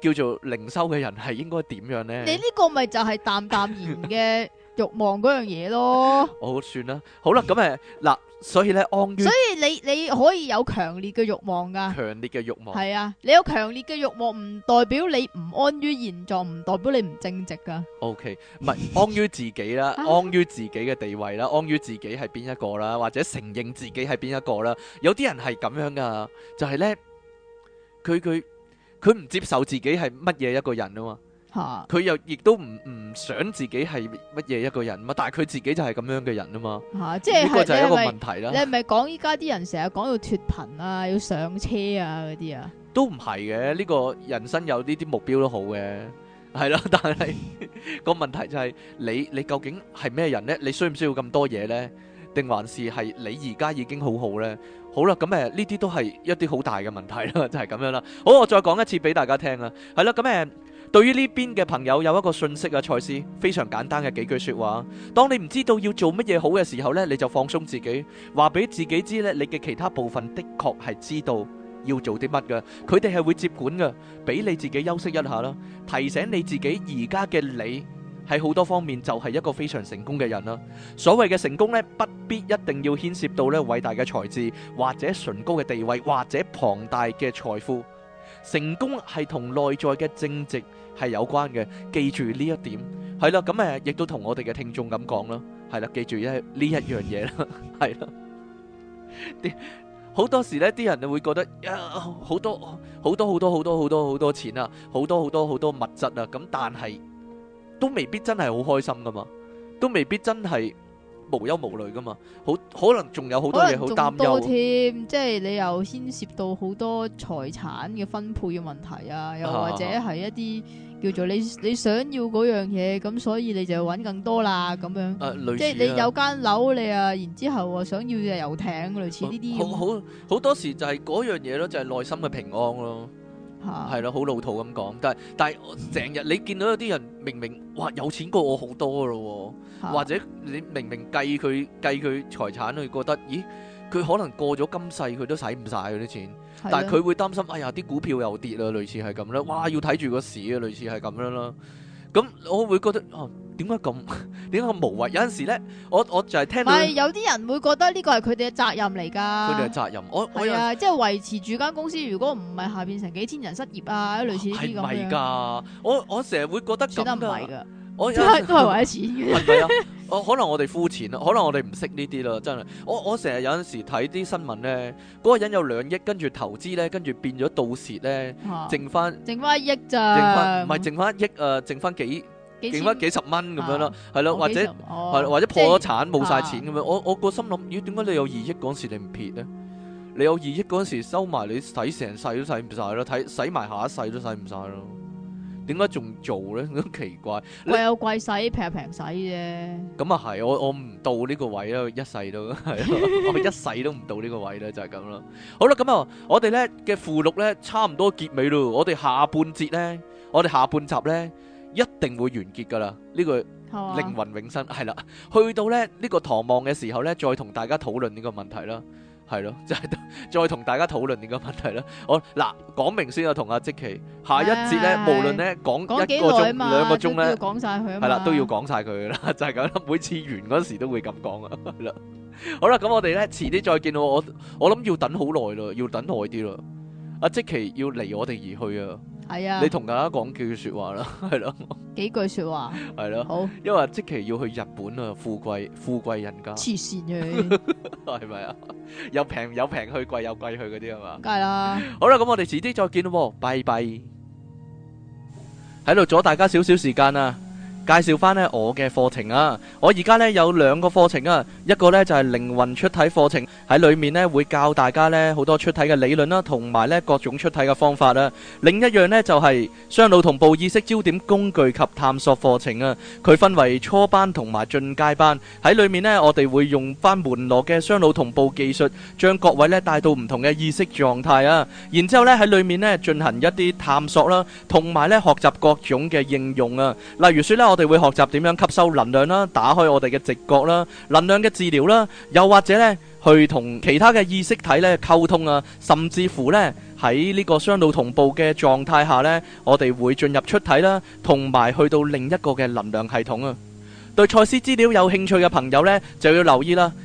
叫做靈修嘅人係應該點樣咧？你呢個咪就係淡淡然嘅欲望嗰樣嘢咯？好算啦，好啦，咁誒嗱，所以咧安於，所以你你可以有強烈嘅欲望噶，強烈嘅欲望係啊，你有強烈嘅欲望唔代表你唔安於現狀，唔代表你唔正直噶。O K，唔係安於自己啦，安於自己嘅地位啦，安於自己係邊一個啦，或者承認自己係邊一個啦。有啲人係咁樣噶，就係咧佢佢。佢唔接受自己係乜嘢一個人啊嘛，吓，佢又亦都唔唔想自己係乜嘢一個人啊嘛，但係佢自己就係咁樣嘅人啊嘛，吓，即係呢個就係一個問題啦。你係咪講依家啲人成日講要脫貧啊，要上車啊嗰啲啊？都唔係嘅，呢個人生有呢啲目標都好嘅，係咯。但係個問題就係你你究竟係咩人咧？你需唔需要咁多嘢咧？定還是係你而家已經好好咧？好啦，咁誒呢啲都係一啲好大嘅問題啦，就係咁樣啦。好，我再講一次俾大家聽啊。係啦，咁誒對於呢邊嘅朋友有一個訊息啊，賽斯非常簡單嘅幾句説話。當你唔知道要做乜嘢好嘅時候呢，你就放鬆自己，話俾自己知呢，你嘅其他部分的確係知道要做啲乜嘅，佢哋係會接管嘅，俾你自己休息一下啦，提醒你自己而家嘅你，喺好多方面就係一個非常成功嘅人啦。所謂嘅成功呢，不必一定要牽涉到呢偉大嘅才智，或者崇高嘅地位，或者龐大嘅財富。成功係同內在嘅正直係有關嘅。記住呢一點，係啦，咁誒，亦都同我哋嘅聽眾咁講啦，係啦，記住呢呢一樣嘢啦，係啦。好 多時呢，啲人你會覺得，呀、啊，好多好多好多好多好多好多錢啊，好多好多好多，多物質啊，咁但係。都未必真係好開心㗎嘛，都未必真係無憂無慮㗎嘛，好可能仲有好多嘢好擔憂添，即係你又牽涉到好多財產嘅分配嘅問題啊，又或者係一啲、啊、叫做你你想要嗰樣嘢，咁所以你就要揾更多啦咁樣，啊、類似即係你有間樓你啊，然之後啊想要啊遊艇，類似呢啲、啊、好好，好多時就係嗰樣嘢咯，就係、是、內心嘅平安咯。係咯，好、嗯、老土咁講，但係但係成日你見到有啲人明明哇有錢過我好多咯，啊、或者你明明計佢計佢財產，佢覺得咦佢可能過咗今世佢都使唔晒嗰啲錢，是的 但係佢會擔心哎呀啲股票又跌啦，類似係咁啦，哇要睇住個市啊，類似係咁樣啦。咁我會覺得哦，點解咁？點解咁無謂？有陣時咧，我我就係聽到。唔係有啲人會覺得呢個係佢哋嘅責任嚟㗎。佢哋嘅責任，我係啊，就係、即係維持住間公司。如果唔係，下邊成幾千人失業啊，一類似呢啲咁樣。係唔係㗎？我我成日會覺得覺得唔係㗎。真係都係為錢嘅。我可能我哋膚淺啦，可能我哋唔識呢啲啦，真係。我我成日有陣時睇啲新聞咧，嗰、嗰個人有兩億，跟住投資咧，跟住變咗盜竊咧，剩翻剩翻一億咋？唔係剩翻一億誒？剩翻幾？剩翻、啊、幾十蚊咁樣咯，係咯，哦、或者係、哦、或者破咗產冇晒是錢咁樣。我我個心諗，咦？點解你有二億嗰陣時你唔撇咧？你有二億嗰陣時收埋，你使成世都使唔晒咯，睇使埋下一世都使唔晒咯。點解仲做咧？咁 奇怪，貴有貴使，平平使啫。咁啊係，我我唔到呢個位啊，一世都係、 就是，我一世都唔到呢個位咧，就係咁啦。好啦，咁啊，我哋咧嘅附錄咧，差唔多結尾咯。我哋下半節咧，我哋下半集咧，一定會完結噶啦。呢、呢個靈魂永生係啦， 去到咧呢、呢個唐望嘅時候咧，再同大家討論呢個問題啦。係咯，就係再同大家討論呢個問題啦。我嗱講明先啊，同阿積奇下一節咧，是是是無論咧講一個鐘、兩個鐘咧，講晒佢，係啦，都要講晒佢啦。就係咁啦，每次完嗰時都會咁講啦。 好啦，咁我哋咧，遲啲再見到我，我諗要等好耐咯，要等耐啲咯。阿即其要離我哋而去啊！係啊，你同大家講句說話啦，係咯？幾句說話係咯？好 因為即其要去日本啊，富貴富貴人家，黐線嘅係咪啊？又平又平去，貴又貴去嗰啲啊嘛？梗係啦。好啦，咁我哋遲啲再見咯，拜拜。喺度阻大家少少時間啊！嗯介紹翻呢我嘅課程啊！我而家呢有兩個課程啊，一個呢就係靈魂出體課程，喺裡面呢會教大家呢好多出體嘅理論啦，同埋呢各種出體嘅方法啦。另一樣呢就係雙腦同步意識焦點工具及探索課程啊，佢分為初班同埋進階班，喺裡面呢我哋會用翻門羅嘅雙腦同步技術，將各位呢帶到唔同嘅意識狀態啊。然之後呢喺裡面呢進行一啲探索啦，同埋呢學習各種嘅應用啊，例如説呢我。我哋會學習點樣吸收能量啦，打開我哋嘅直覺啦，能量嘅治療啦，又或者呢，去同其他嘅意識體呢溝通啊，甚至乎呢喺呢個雙腦同步嘅狀態下呢，我哋會進入出體啦，同埋去到另一個嘅能量系統啊。對賽斯資料有興趣嘅朋友呢，就要留意啦。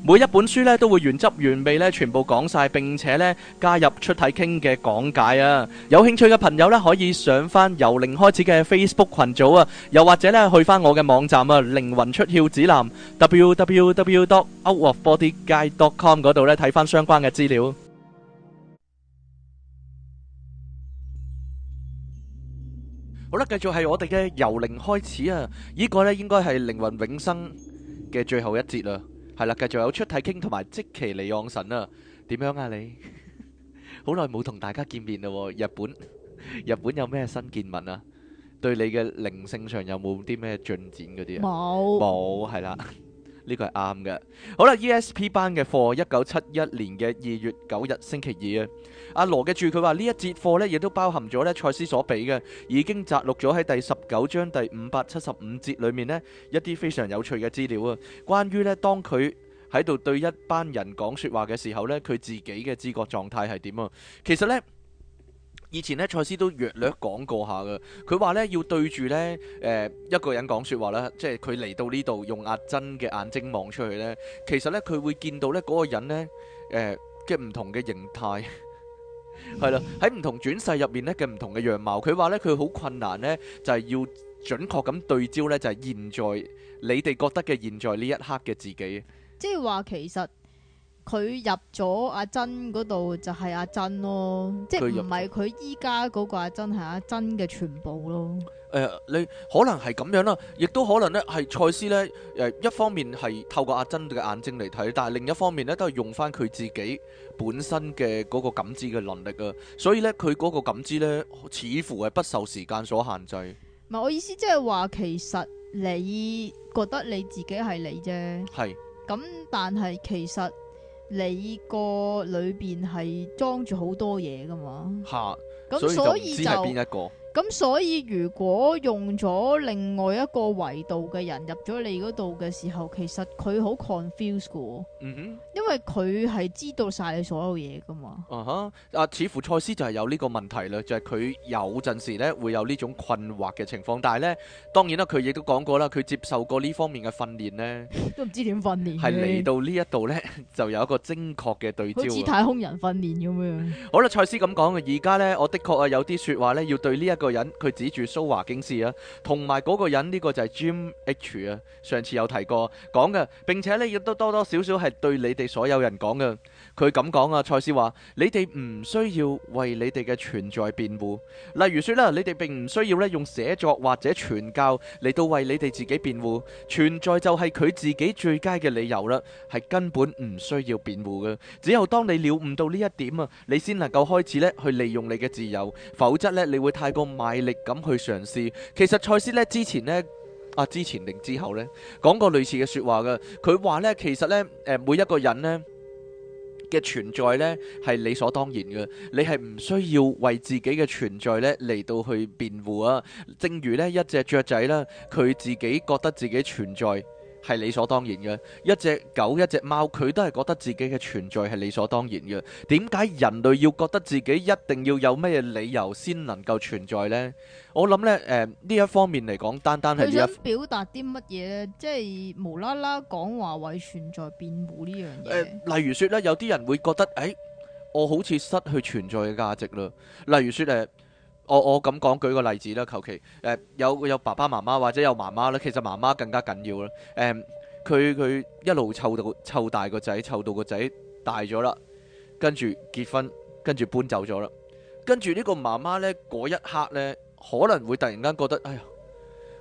每一本書咧都會原汁原味咧全部講晒，並且咧加入出體傾嘅講解啊！有興趣嘅朋友咧可以上翻由零開始嘅 Facebook 群組啊，又或者咧去翻我嘅網站啊，靈魂出竅指南 www.outofbodyguide.com 嗰度咧睇翻相關嘅資料。好啦，繼續係我哋嘅由零開始啊！呢、這個咧應該係靈魂永生嘅最後一節啦。係啦，繼續有出體傾同埋即其嚟往神啊，點樣啊你？好耐冇同大家見面嘞喎，啊，日本 日本有咩新見聞啊？對你嘅靈性上有冇啲咩進展嗰啲啊？冇冇係啦。 呢個係啱嘅。好啦，ESP 班嘅課，一九七一年嘅二月九日星期二啊。阿羅記住，佢話呢一節課呢，亦都包含咗呢賽斯所俾嘅，已經摘錄咗喺第十九章第五百七十五節裡面呢一啲非常有趣嘅資料啊。關於呢，當佢喺度對一班人講說話嘅時候呢，佢自己嘅知覺狀態係點啊？其實呢。以前咧，賽斯都略略講過下嘅，佢話呢，要對住呢誒一個人講說話咧，即係佢嚟到呢度用阿珍嘅眼睛望出去呢。其實呢，佢會見到呢嗰個人呢誒嘅唔同嘅形態，係 啦了，喺唔 同轉世入面呢嘅唔同嘅樣貌。佢話呢，佢好困難呢，就係、是、要準確咁對焦呢就係、是、現在你哋覺得嘅現在呢一刻嘅自己，即係話其實。佢入咗阿珍嗰度就係阿珍咯，即係唔係佢依家嗰個阿珍係阿珍嘅全部咯。誒、呃，你可能係咁樣啦，亦都可能咧係賽斯咧誒，一方面係透過阿珍嘅眼睛嚟睇，但係另一方面咧都係用翻佢自己本身嘅嗰個感知嘅能力啊。所以咧，佢嗰個感知咧似乎係不受時間所限制。唔係我意思，即係話其實你覺得你自己係你啫，係咁是，但係其實。你個裏邊係裝住好多嘢噶嘛？嚇、啊！咁所，所以就先係邊一個？咁所以如果用咗另外一個維度嘅人入咗你嗰度嘅時候，其實佢好 confuse 嘅，因為佢係知道晒你所有嘢噶嘛。啊吓啊，似乎賽斯就係有呢個問題啦，就係、是、佢有陣時咧會有呢種困惑嘅情況，但係咧當然啦，佢亦都講過啦，佢接受過呢方面嘅訓練咧， 都唔知點訓練，係嚟到呢一度咧，就有一個精確嘅對焦，好似太空人訓練咁樣 好啦，賽斯咁講嘅，而家咧我的確啊有啲說話咧要對呢、這、一個。個人，佢指住蘇華京斯啊，同埋嗰個人呢個就係 Jim H 啊，上次有提過講嘅，並且呢亦都多多少少係對你哋所有人講嘅。佢咁講啊，賽斯話：你哋唔需要為你哋嘅存在辯護。例如說啦，你哋並唔需要咧用寫作或者傳教嚟到為你哋自己辯護。存在就係佢自己最佳嘅理由啦，係根本唔需要辯護嘅。只有當你了悟到呢一點啊，你先能夠開始咧去利用你嘅自由，否則咧你會太過賣力咁去嘗試。其實賽斯呢，之前呢，啊，之前定之後呢，講過類似嘅説話嘅。佢話呢，其實呢，誒每一個人呢。嘅存在呢係理所當然嘅，你係唔需要為自己嘅存在呢嚟到去辯護啊！正如呢，一隻雀仔啦，佢自己覺得自己存在係理所當然嘅，一隻狗、一隻貓佢都係覺得自己嘅存在係理所當然嘅。點解人類要覺得自己一定要有咩理由先能夠存在呢？我諗咧，誒，呢一方面嚟講，單單係佢想表達啲乜嘢咧，即係無啦啦講話為存在辯護呢樣嘢。例如說咧，有啲人會覺得誒、哎，我好似失去存在嘅價值啦。例如説誒。呃我我咁講，舉個例子啦，求其誒有有爸爸媽媽或者有媽媽啦，其實媽媽更加緊要啦。誒、呃，佢佢一路湊到湊大個仔，湊到個仔大咗啦，跟住結婚，跟住搬走咗啦，跟住呢個媽媽呢，嗰一刻呢，可能會突然間覺得，哎呀，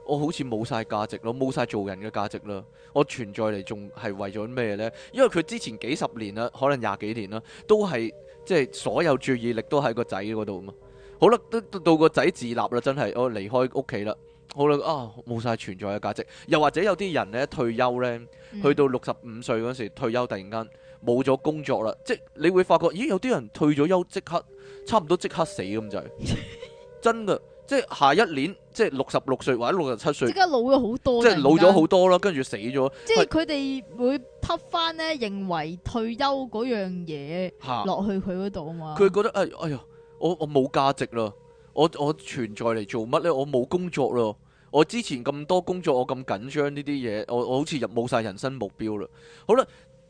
我好似冇晒價值咯，冇晒做人嘅價值啦，我存在嚟仲係為咗咩呢？因為佢之前幾十年啦，可能廿幾年啦，都係即係所有注意力都喺個仔嗰度啊嘛。好啦，都到個仔自立啦，真係我離開屋企啦。好啦，啊冇晒存在嘅價值。又或者有啲人咧退休咧，去到六十五歲嗰時退休，突然間冇咗工作啦，即係你會發覺，咦有啲人退咗休即刻，差唔多即刻死咁就 真噶，即係下一年即係六十六歲或者六十七歲，即刻老咗好多，即係老咗好多啦，跟住死咗。即係佢哋會吸翻咧，認為退休嗰樣嘢落去佢嗰度啊嘛，佢覺得哎哎呀。我我冇價值咯，我我,我存在嚟做乜呢？我冇工作咯，我之前咁多工作，我咁緊張呢啲嘢，我我好似入冇晒人生目標啦。好啦，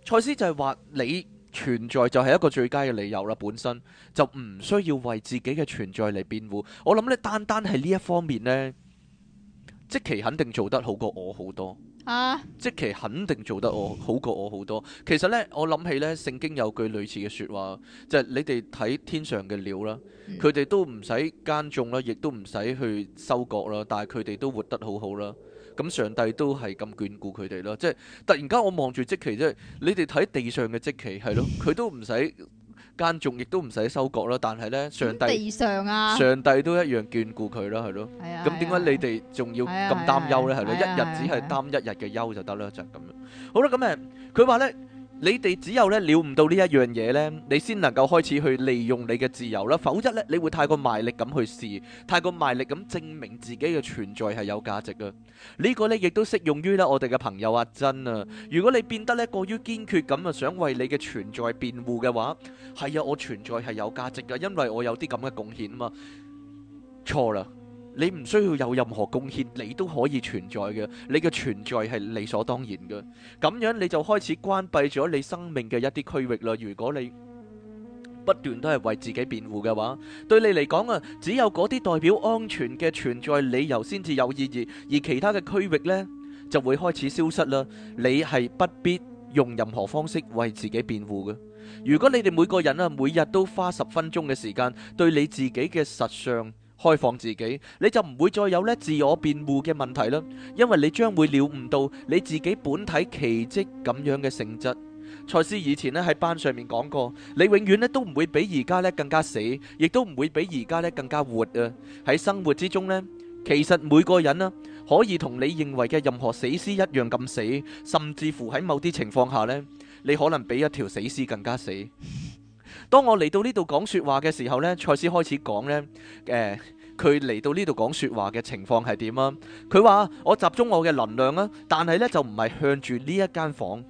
賽斯就係話你存在就係一個最佳嘅理由啦，本身就唔需要為自己嘅存在嚟辯護。我諗咧，單單係呢一方面呢，即其肯定做得好過我好多。啊！即奇肯定做得我好過我好多。其實呢，我諗起呢，聖經有句類似嘅說話，就係、是、你哋睇天上嘅鳥啦，佢哋都唔使耕種啦，亦都唔使去收割啦，但係佢哋都活得好好啦。咁上帝都係咁眷顧佢哋啦。即、就、係、是、突然間我望住即奇，即係你哋睇地上嘅即奇，係咯，佢都唔使。間仲亦都唔使收割啦，但係咧，上帝上、啊、上帝都一樣眷顧佢啦，係咯。咁點解你哋仲要咁擔憂咧？係咯，一日只係擔一日嘅憂就得啦，就係咁樣。好啦，咁、嗯、誒，佢話咧。你哋只有咧了唔到呢一樣嘢呢，你先能夠開始去利用你嘅自由啦。否則呢，你會太過賣力咁去試，太過賣力咁證明自己嘅存在係有價值嘅。呢、呢個呢，亦都適用於呢我哋嘅朋友阿珍啊。如果你變得呢，過於堅決咁啊，想為你嘅存在辯護嘅話，係啊，我存在係有價值嘅，因為我有啲咁嘅貢獻啊嘛。錯啦。你唔需要有任何貢獻，你都可以存在嘅。你嘅存在係理所當然嘅。咁樣你就開始關閉咗你生命嘅一啲區域啦。如果你不斷都係為自己辯護嘅話，對你嚟講啊，只有嗰啲代表安全嘅存在理由先至有意義，而其他嘅區域呢，就會開始消失啦。你係不必用任何方式為自己辯護嘅。如果你哋每個人啊，每日都花十分鐘嘅時間，對你自己嘅實相，開放自己，你就唔會再有咧自我辯護嘅問題啦，因為你將會了悟到你自己本體奇蹟咁樣嘅性質。賽斯以前咧喺班上面講過，你永遠咧都唔會比而家咧更加死，亦都唔會比而家咧更加活啊！喺生活之中咧，其實每個人啦可以同你認為嘅任何死屍一樣咁死，甚至乎喺某啲情況下咧，你可能比一條死屍更加死。當我嚟到呢度講說話嘅時候呢，賽斯開始、呃、講呢誒，佢嚟到呢度講說話嘅情況係點啊？佢話我集中我嘅能量啊，但係呢就唔係向住呢一間房，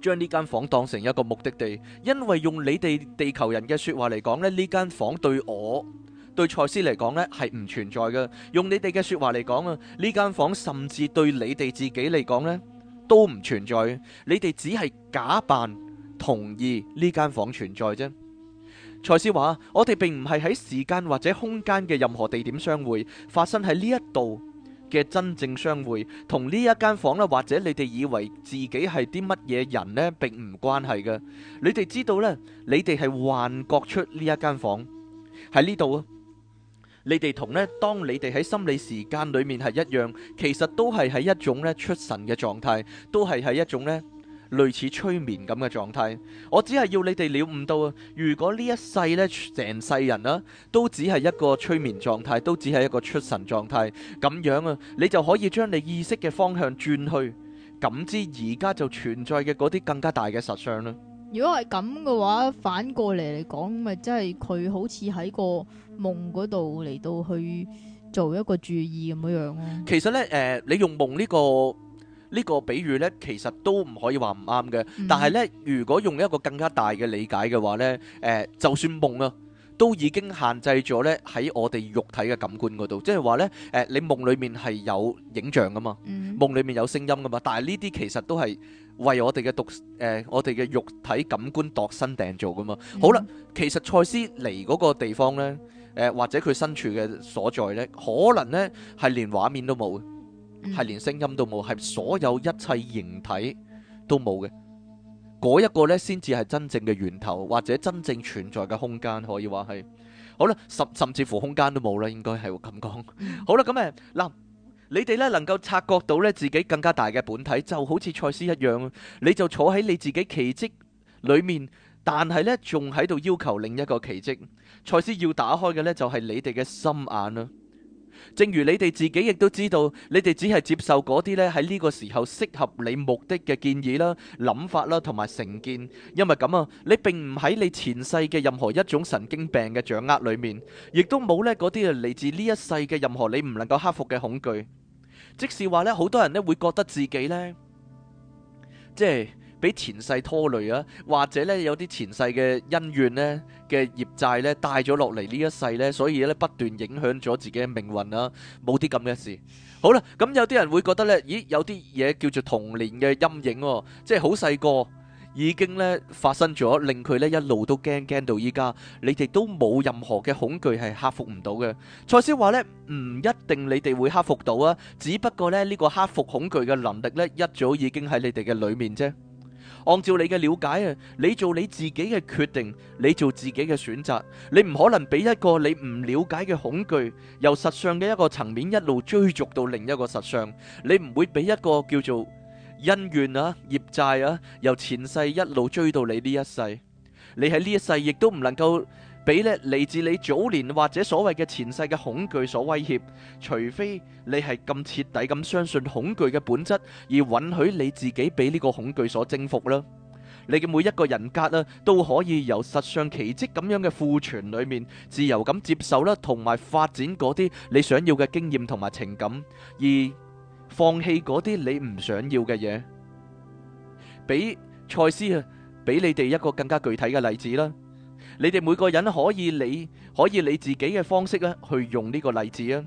將呢間房當成一個目的地，因為用你哋地球人嘅說話嚟講咧，呢間房對我對賽斯嚟講咧係唔存在嘅。用你哋嘅說話嚟講啊，呢間房甚至對你哋自己嚟講咧都唔存在，你哋只係假扮。同意呢間房存在啫。賽斯話：我哋並唔係喺時間或者空間嘅任何地點相會，發生喺呢一度嘅真正相會，同呢一間房呢，或者你哋以為自己係啲乜嘢人呢，並唔關係嘅。你哋知道呢，你哋係幻覺出呢一間房喺呢度啊。你哋同呢，當你哋喺心理時間裏面係一樣，其實都係喺一種呢出神嘅狀態，都係喺一種呢。類似催眠咁嘅狀態，我只係要你哋了悟到啊！如果呢一世咧，成世人啦，啊，都只係一個催眠狀態，都只係一個出神狀態，咁樣啊，你就可以將你意識嘅方向轉去，感知而家就存在嘅嗰啲更加大嘅實相啦。如果係咁嘅話，反過嚟嚟講，咪即係佢好似喺個夢嗰度嚟到去做一個注意咁樣。其實呢，誒、呃，你用夢呢個。呢個比喻呢，其實都唔可以話唔啱嘅。嗯、但係呢，如果用一個更加大嘅理解嘅話呢，誒、呃，就算夢啊，都已經限制咗呢喺我哋肉體嘅感官嗰度。即係話呢，誒、呃，你夢裡面係有影像噶嘛？夢、嗯、裡面有聲音噶嘛？但係呢啲其實都係為我哋嘅獨誒我哋嘅肉體感官度身訂造噶嘛。好啦，嗯、其實賽斯嚟嗰個地方呢，誒、呃、或者佢身處嘅所在呢，可能呢係連畫面都冇。係連聲音都冇，係所有一切形體都冇嘅，嗰一個咧先至係真正嘅源頭，或者真正存在嘅空間，可以話係。好啦，甚甚至乎空間都冇啦，應該係會咁講。好啦，咁誒，嗱，你哋呢能夠察覺到呢自己更加大嘅本體，就好似賽斯一樣，你就坐喺你自己奇蹟裡面，但係呢，仲喺度要求另一個奇蹟。賽斯要打開嘅呢，就係你哋嘅心眼啦。正如你哋自己亦都知道，你哋只係接受嗰啲呢，喺呢個時候適合你目的嘅建議啦、諗法啦，同埋成見。因為咁啊，你並唔喺你前世嘅任何一種神經病嘅掌握裏面，亦都冇呢嗰啲嚟自呢一世嘅任何你唔能夠克服嘅恐懼。即使話呢，好多人呢會覺得自己呢，即係。俾前世拖累啊，或者咧有啲前世嘅恩怨呢嘅業債呢帶咗落嚟呢一世呢，所以咧不斷影響咗自己嘅命運啊。冇啲咁嘅事。好啦。咁有啲人會覺得呢，咦，有啲嘢叫做童年嘅陰影，即係好細個已經呢發生咗，令佢呢一路都驚驚到依家。你哋都冇任何嘅恐懼係克服唔到嘅。賽斯話呢，唔一定你哋會克服到啊，只不過呢，呢個克服恐懼嘅能力呢，一早已經喺你哋嘅裏面啫。按照你嘅了解啊，你做你自己嘅決定，你做自己嘅選擇，你唔可能俾一個你唔了解嘅恐懼，由實相嘅一個層面一路追逐到另一個實相，你唔會俾一個叫做恩怨啊、業債啊，由前世一路追到你呢一世，你喺呢一世亦都唔能夠。俾咧嚟自你早年或者所謂嘅前世嘅恐懼所威脅，除非你係咁徹底咁相信恐懼嘅本質，而允許你自己俾呢個恐懼所征服啦。你嘅每一個人格啊，都可以由實相奇跡咁樣嘅庫存裏面自由咁接受啦，同埋發展嗰啲你想要嘅經驗同埋情感，而放棄嗰啲你唔想要嘅嘢。比賽斯啊，俾你哋一個更加具體嘅例子啦。你哋每個人可以你可以你自己嘅方式咧，去用呢個例子啊。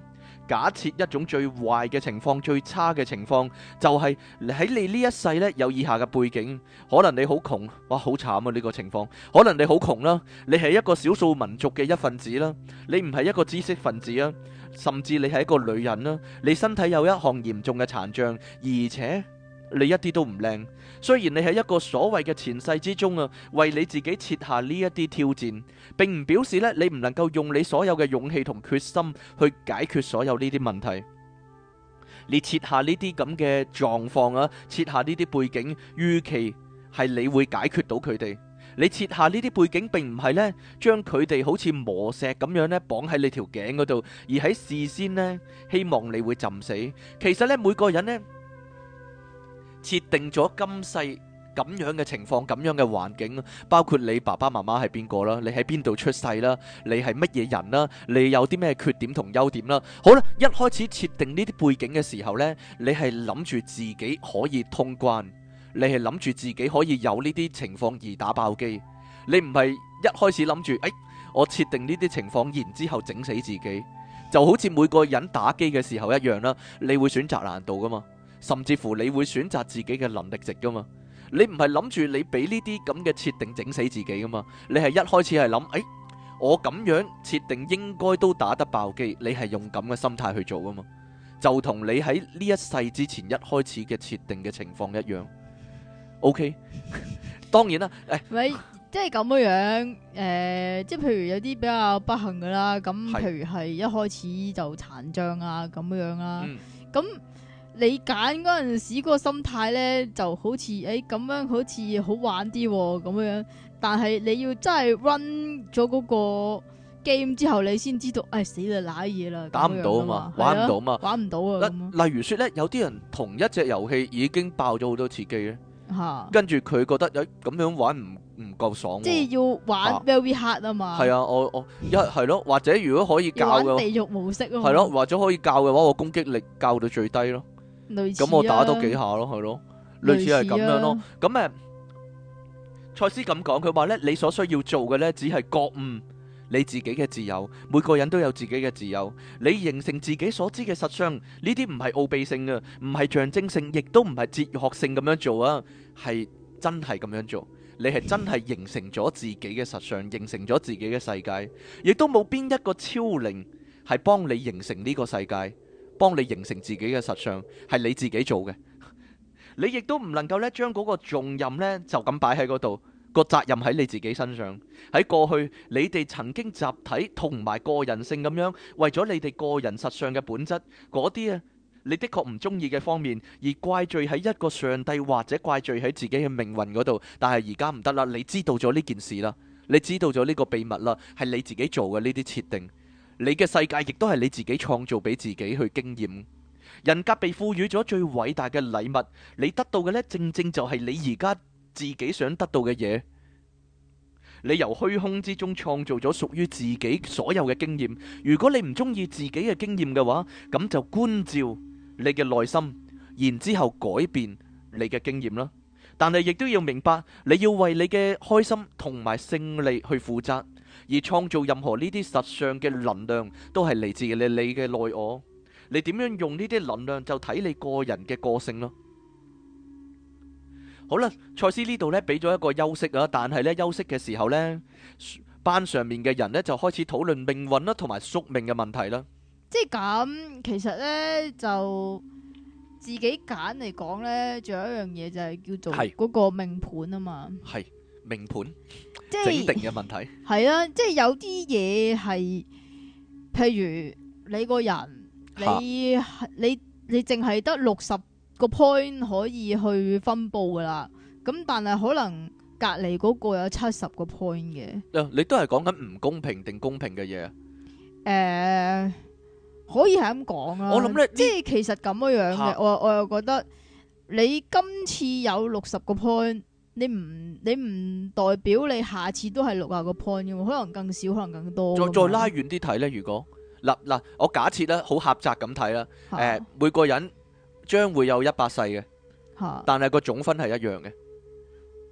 假設一種最壞嘅情況，最差嘅情況，就係喺你呢一世咧，有以下嘅背景，可能你好窮，哇好慘啊呢個情況，可能你好窮啦，你係一個少數民族嘅一份子啦，你唔係一個知識分子啊，甚至你係一個女人啦，你身體有一項嚴重嘅殘障，而且。你一啲都唔靚，雖然你喺一個所謂嘅前世之中啊，為你自己設下呢一啲挑戰，並唔表示呢，你唔能夠用你所有嘅勇氣同決心去解決所有呢啲問題。你設下呢啲咁嘅狀況啊，設下呢啲背景，預期係你會解決到佢哋。你設下呢啲背景，並唔係呢，將佢哋好似磨石咁樣呢綁喺你條頸嗰度，而喺事先呢，希望你會浸死。其實呢，每個人呢。設定咗今世咁樣嘅情況、咁樣嘅環境，包括你爸爸媽媽係邊個啦，你喺邊度出世啦，你係乜嘢人啦，你有啲咩缺點同優點啦。好啦，一開始設定呢啲背景嘅時候呢，你係諗住自己可以通關，你係諗住自己可以有呢啲情況而打爆機。你唔係一開始諗住，哎，我設定呢啲情況，然之後整死自己，就好似每個人打機嘅時候一樣啦。你會選擇難度㗎嘛？甚至乎你會選擇自己嘅能力值噶嘛？你唔係諗住你俾呢啲咁嘅設定整死自己噶嘛？你係一開始係諗，誒、哎，我咁樣設定應該都打得爆機。你係用咁嘅心態去做噶嘛？就同你喺呢一世之前一開始嘅設定嘅情況一樣。OK， 當然啦，誒、哎，咪即係咁樣樣，誒、呃，即係譬如有啲比較不幸噶啦，咁譬如係一開始就殘障啊，咁樣啦，咁是。嗯你揀嗰陣時個心態咧，就好似誒咁樣，好似好玩啲咁，哦，樣。但係你要真係 run 咗嗰個 game 之後，你先知道誒，死啦，瀨嘢啦，打唔到啊嘛，玩唔到嘛，啊，玩唔到啊。例如說咧，有啲人同一隻遊戲已經爆咗好多次機咧，啊，跟住佢覺得誒咁樣玩唔唔夠爽，啊，即係要玩 very hard 啊嘛，啊。係啊，啊，我我一係咯，啊，或者如果可以教嘅地獄模式咯，係咯 ，或者可以教嘅話，我攻擊力，力教到最低咯。咁、啊、我打多幾下咯，係咯，類似係咁樣咯。咁誒、啊，賽斯咁講，佢話呢：「你所需要做嘅呢，只係覺悟你自己嘅自由。每個人都有自己嘅自由，你形成自己所知嘅實相，呢啲唔係奧秘性啊，唔係象徵性，亦都唔係哲學性咁樣做啊，係真係咁樣做。你係真係形成咗自己嘅實相，形成咗自己嘅世界，亦都冇邊一個超靈係幫你形成呢個世界。」幫你形成自己嘅實相，係你自己做嘅。 你亦都唔能夠咧，將嗰個重任呢就咁擺喺嗰度，個責任喺你自己身上。喺過去，你哋曾經集體同埋個人性咁樣，為咗你哋個人實相嘅本質，嗰啲啊，你的確唔中意嘅方面，而怪罪，喺一個上帝或者怪罪喺自己嘅命運嗰度。但係而家唔得啦，你知道咗呢件事啦，你知道咗呢個秘密啦，係你自己做嘅呢啲設定。你嘅世界亦都係你自己創造俾自己去經驗。人格被賦予咗最偉大嘅禮物，你得到嘅呢，正正就係你而家自己想得到嘅嘢。你由虛空之中創造咗屬於自己所有嘅經驗。如果你唔中意自己嘅經驗嘅話，咁就觀照你嘅內心，然之後改變你嘅經驗啦。但係亦都要明白，你要為你嘅開心同埋勝利去負責。而創造任何呢啲實相嘅能量，都係嚟自你你嘅內我。你點樣用呢啲能量，就睇你個人嘅個性咯。好啦，賽斯呢度呢，俾咗一個休息啊，但係呢，休息嘅時候呢，班上面嘅人呢就開始討論命運啦同埋宿命嘅問題啦。即係咁，其實呢就自己揀嚟講呢，仲有一樣嘢就係叫做嗰個命盤啊嘛。係。命盤即係整定嘅問題，係 啊，即、就、係、是、有啲嘢係，譬如你個人，你你你淨係得六十個 point 可以去分佈噶啦，咁但係可能隔離嗰個有七十個 point 嘅、啊，你都係講緊唔公平定公平嘅嘢？誒、呃，可以係咁講啊。我諗咧，即係其實咁樣嘅，啊、我我又覺得你今次有六十個 point。你唔你唔代表你下次都係六啊個 point 嘅，可能更少，可能更多再。再再拉遠啲睇呢，如果嗱嗱，我假設咧，好狹窄咁睇啦，誒、啊，每個人將會有一百世嘅，但係個總分係一樣嘅。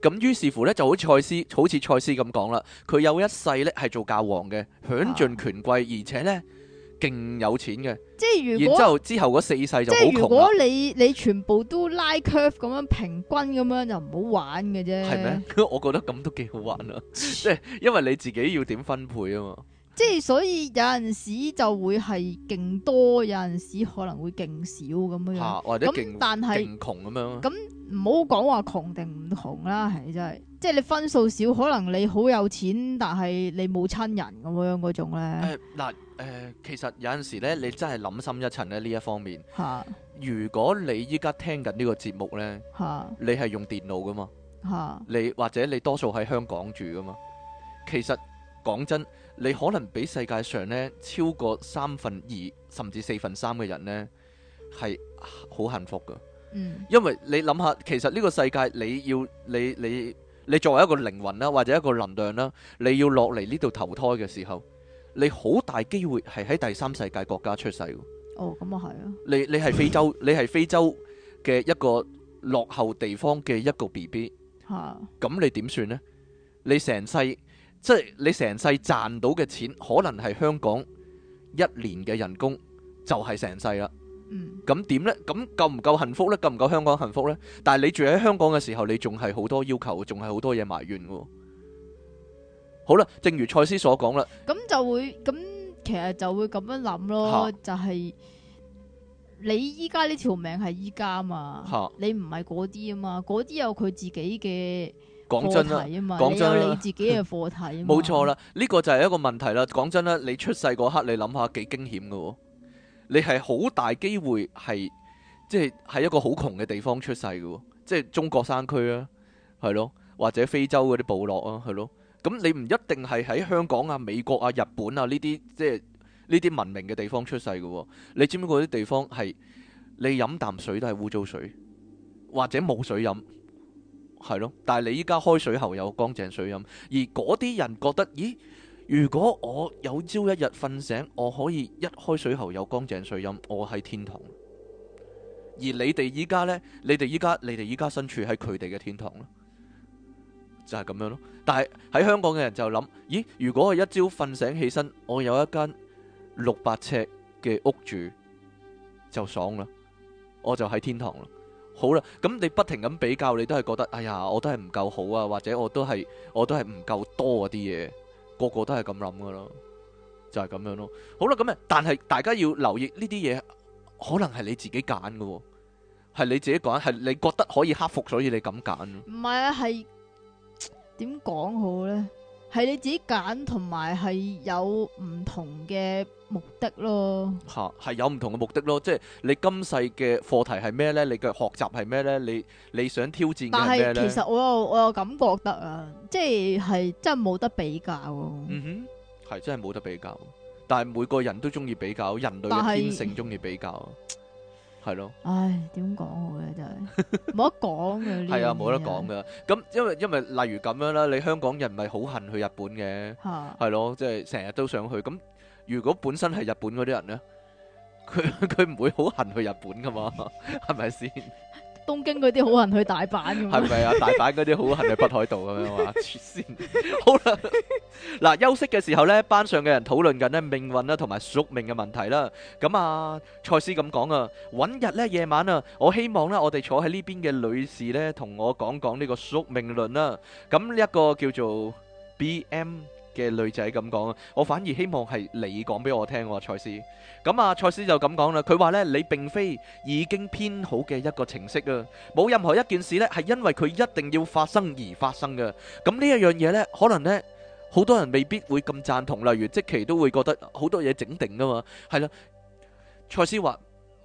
咁於是乎呢，就好似賽斯，好似賽斯咁講啦，佢有一世呢係做教皇嘅，享盡權貴，而且呢。啊勁有錢嘅，即係如果之後之後嗰四世就好窮，即係如果你你全部都拉 curve 咁樣平均咁樣就唔好玩嘅啫。係咩是嗎？ 我覺得咁都幾好玩啊！即 係因為你自己要點分配啊嘛。即係，所以有陣時就會係勁多，有陣時可能會勁少咁樣。嚇，或者勁但但勁窮咁樣。咁唔好講話窮定唔窮啦，係真係，即係你分數少，可能你好有錢，但係你冇親人咁樣嗰種咧。嗱誒、呃呃，其實有陣時咧，你真係諗深一層咧呢一方面。嚇哈！如果你依家聽緊呢個節目咧，嚇哈，你係用電腦噶嘛？嚇哈！你或者你多數喺香港住噶嘛？其實講真。你可能比世界上咧超過三分二甚至四分三嘅人咧係好幸福㗎，嗯，因為你諗下，其實呢個世界你要你你你，你作為一個靈魂啦，或者一個能量啦，你要落嚟呢度投胎嘅時候，你好大機會係喺第三世界國家出世嘅。哦，咁啊係啊，你你係非洲，你係非洲嘅一個落後地方嘅一個 BB，嚇，咁你點算呢？你成世。即係你成世賺到嘅錢，可能係香港一年嘅人工就係、是、成世啦。咁點、嗯、呢？咁夠唔夠幸福呢？夠唔夠香港幸福呢？但係你住喺香港嘅時候，你仲係好多要求，仲係好多嘢埋怨嘅。好啦，正如賽斯所講啦。咁就會，咁其實就會咁樣諗咯，哈就係你依家呢條命係依家嘛，哈你唔係嗰啲啊嘛，嗰啲有佢自己嘅。講真啦，講真，你有你自己嘅課題啊嘛。冇錯啦，呢個就係一個問題啦。講真啦，你出世嗰刻，你諗下幾驚險嘅，你係好大機會係，即係喺一個好窮嘅地方出世㗎喎，即係中國山區啊，係咯，或者非洲嗰啲部落啊，係咯。咁你唔一定係喺香港啊、美國啊、日本啊呢啲，即係呢啲文明嘅地方出世㗎喎。你知唔知嗰啲地方係，你飲啖水都係污糟水，或者冇水飲。係咯，但係你依家開水喉有乾淨水飲，而嗰啲人覺得，咦？如果我有朝一日瞓醒，我可以一開水喉有乾淨水飲，我喺天堂。而你哋依家呢？你哋依家，你哋依家身處喺佢哋嘅天堂咯，就係咁樣咯。但係喺香港嘅人就諗，咦？如果我一朝瞓醒起身，我有一間六百尺嘅屋住，就爽啦，我就喺天堂啦。好啦，咁你不停咁比較，你都係覺得哎呀，我都係唔夠好啊，或者我都係我都係唔夠多嗰啲嘢，個個都係咁諗噶咯，就係咁樣咯。好啦，咁啊，但係大家要留意呢啲嘢，可能係你自己揀噶喎，係你自己揀，係你覺得可以克服，所以你咁揀。唔係啊，係點講好呢？係你自己揀同埋係有唔同嘅目的咯，吓係、啊、有唔同嘅目的咯，即係你今世嘅課題係咩咧？你嘅學習係咩咧？你你想挑戰嘅咩咧？但係其實我又我又咁覺得啊，即係係真係冇得比較。嗯哼，係真係冇得比較，但係每個人都中意比較，人類嘅天性中意是比較。係咯，唉對、哎，點講好咧？真係冇得講嘅。係啊，冇得講嘅。咁因為因為例如咁樣啦，你香港人咪好恨去日本嘅，係咯， 即係成日都想去。咁如果本身係日本嗰啲人咧，佢佢唔會好恨去日本噶嘛？係咪先？ 東京嗰啲好人去大阪㗎係咪啊？大阪嗰啲好人去北海道咁樣話，黐線。 好啦，嗱，休息嘅時候咧，班上嘅人討論緊咧命運啦，同埋宿命嘅問題啦。咁啊，賽斯咁講啊，揾日咧夜晚啊，我希望咧我哋坐喺呢邊嘅女士咧，同我講講呢個宿命論啦、啊。咁呢一個叫做 B M。嘅女仔咁講啊，我反而希望係你講俾我聽喎，蔡斯。咁啊，蔡斯就咁講啦，佢話咧，你並非已經編好嘅一個程式啊，冇任何一件事咧係因為佢一定要發生而發生嘅。咁呢一樣嘢咧，可能咧好多人未必會咁贊同，例如即期都會覺得好多嘢整定噶嘛，係啦。蔡斯話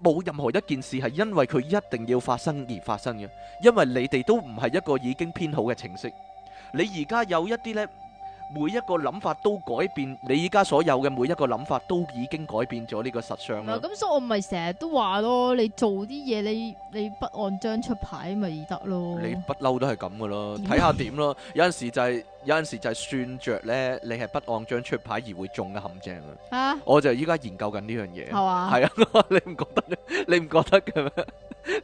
冇任何一件事係因為佢一定要發生而發生嘅，因為你哋都唔係一個已經編好嘅程式，你而家有一啲咧。每一個諗法都改變，你依家所有嘅每一個諗法都已經改變咗呢個實相啦。咁、嗯、所以我咪成日都話咯，你做啲嘢，你你不按章出牌咪得咯。你不嬲都係咁噶咯，睇下點咯。有陣時就係，有陣時就係算着咧，你係不按章出牌而會中嘅陷阱啊！我就依家研究緊呢樣嘢。係嘛嗎？係啊， 你唔覺得？你唔覺得嘅咩？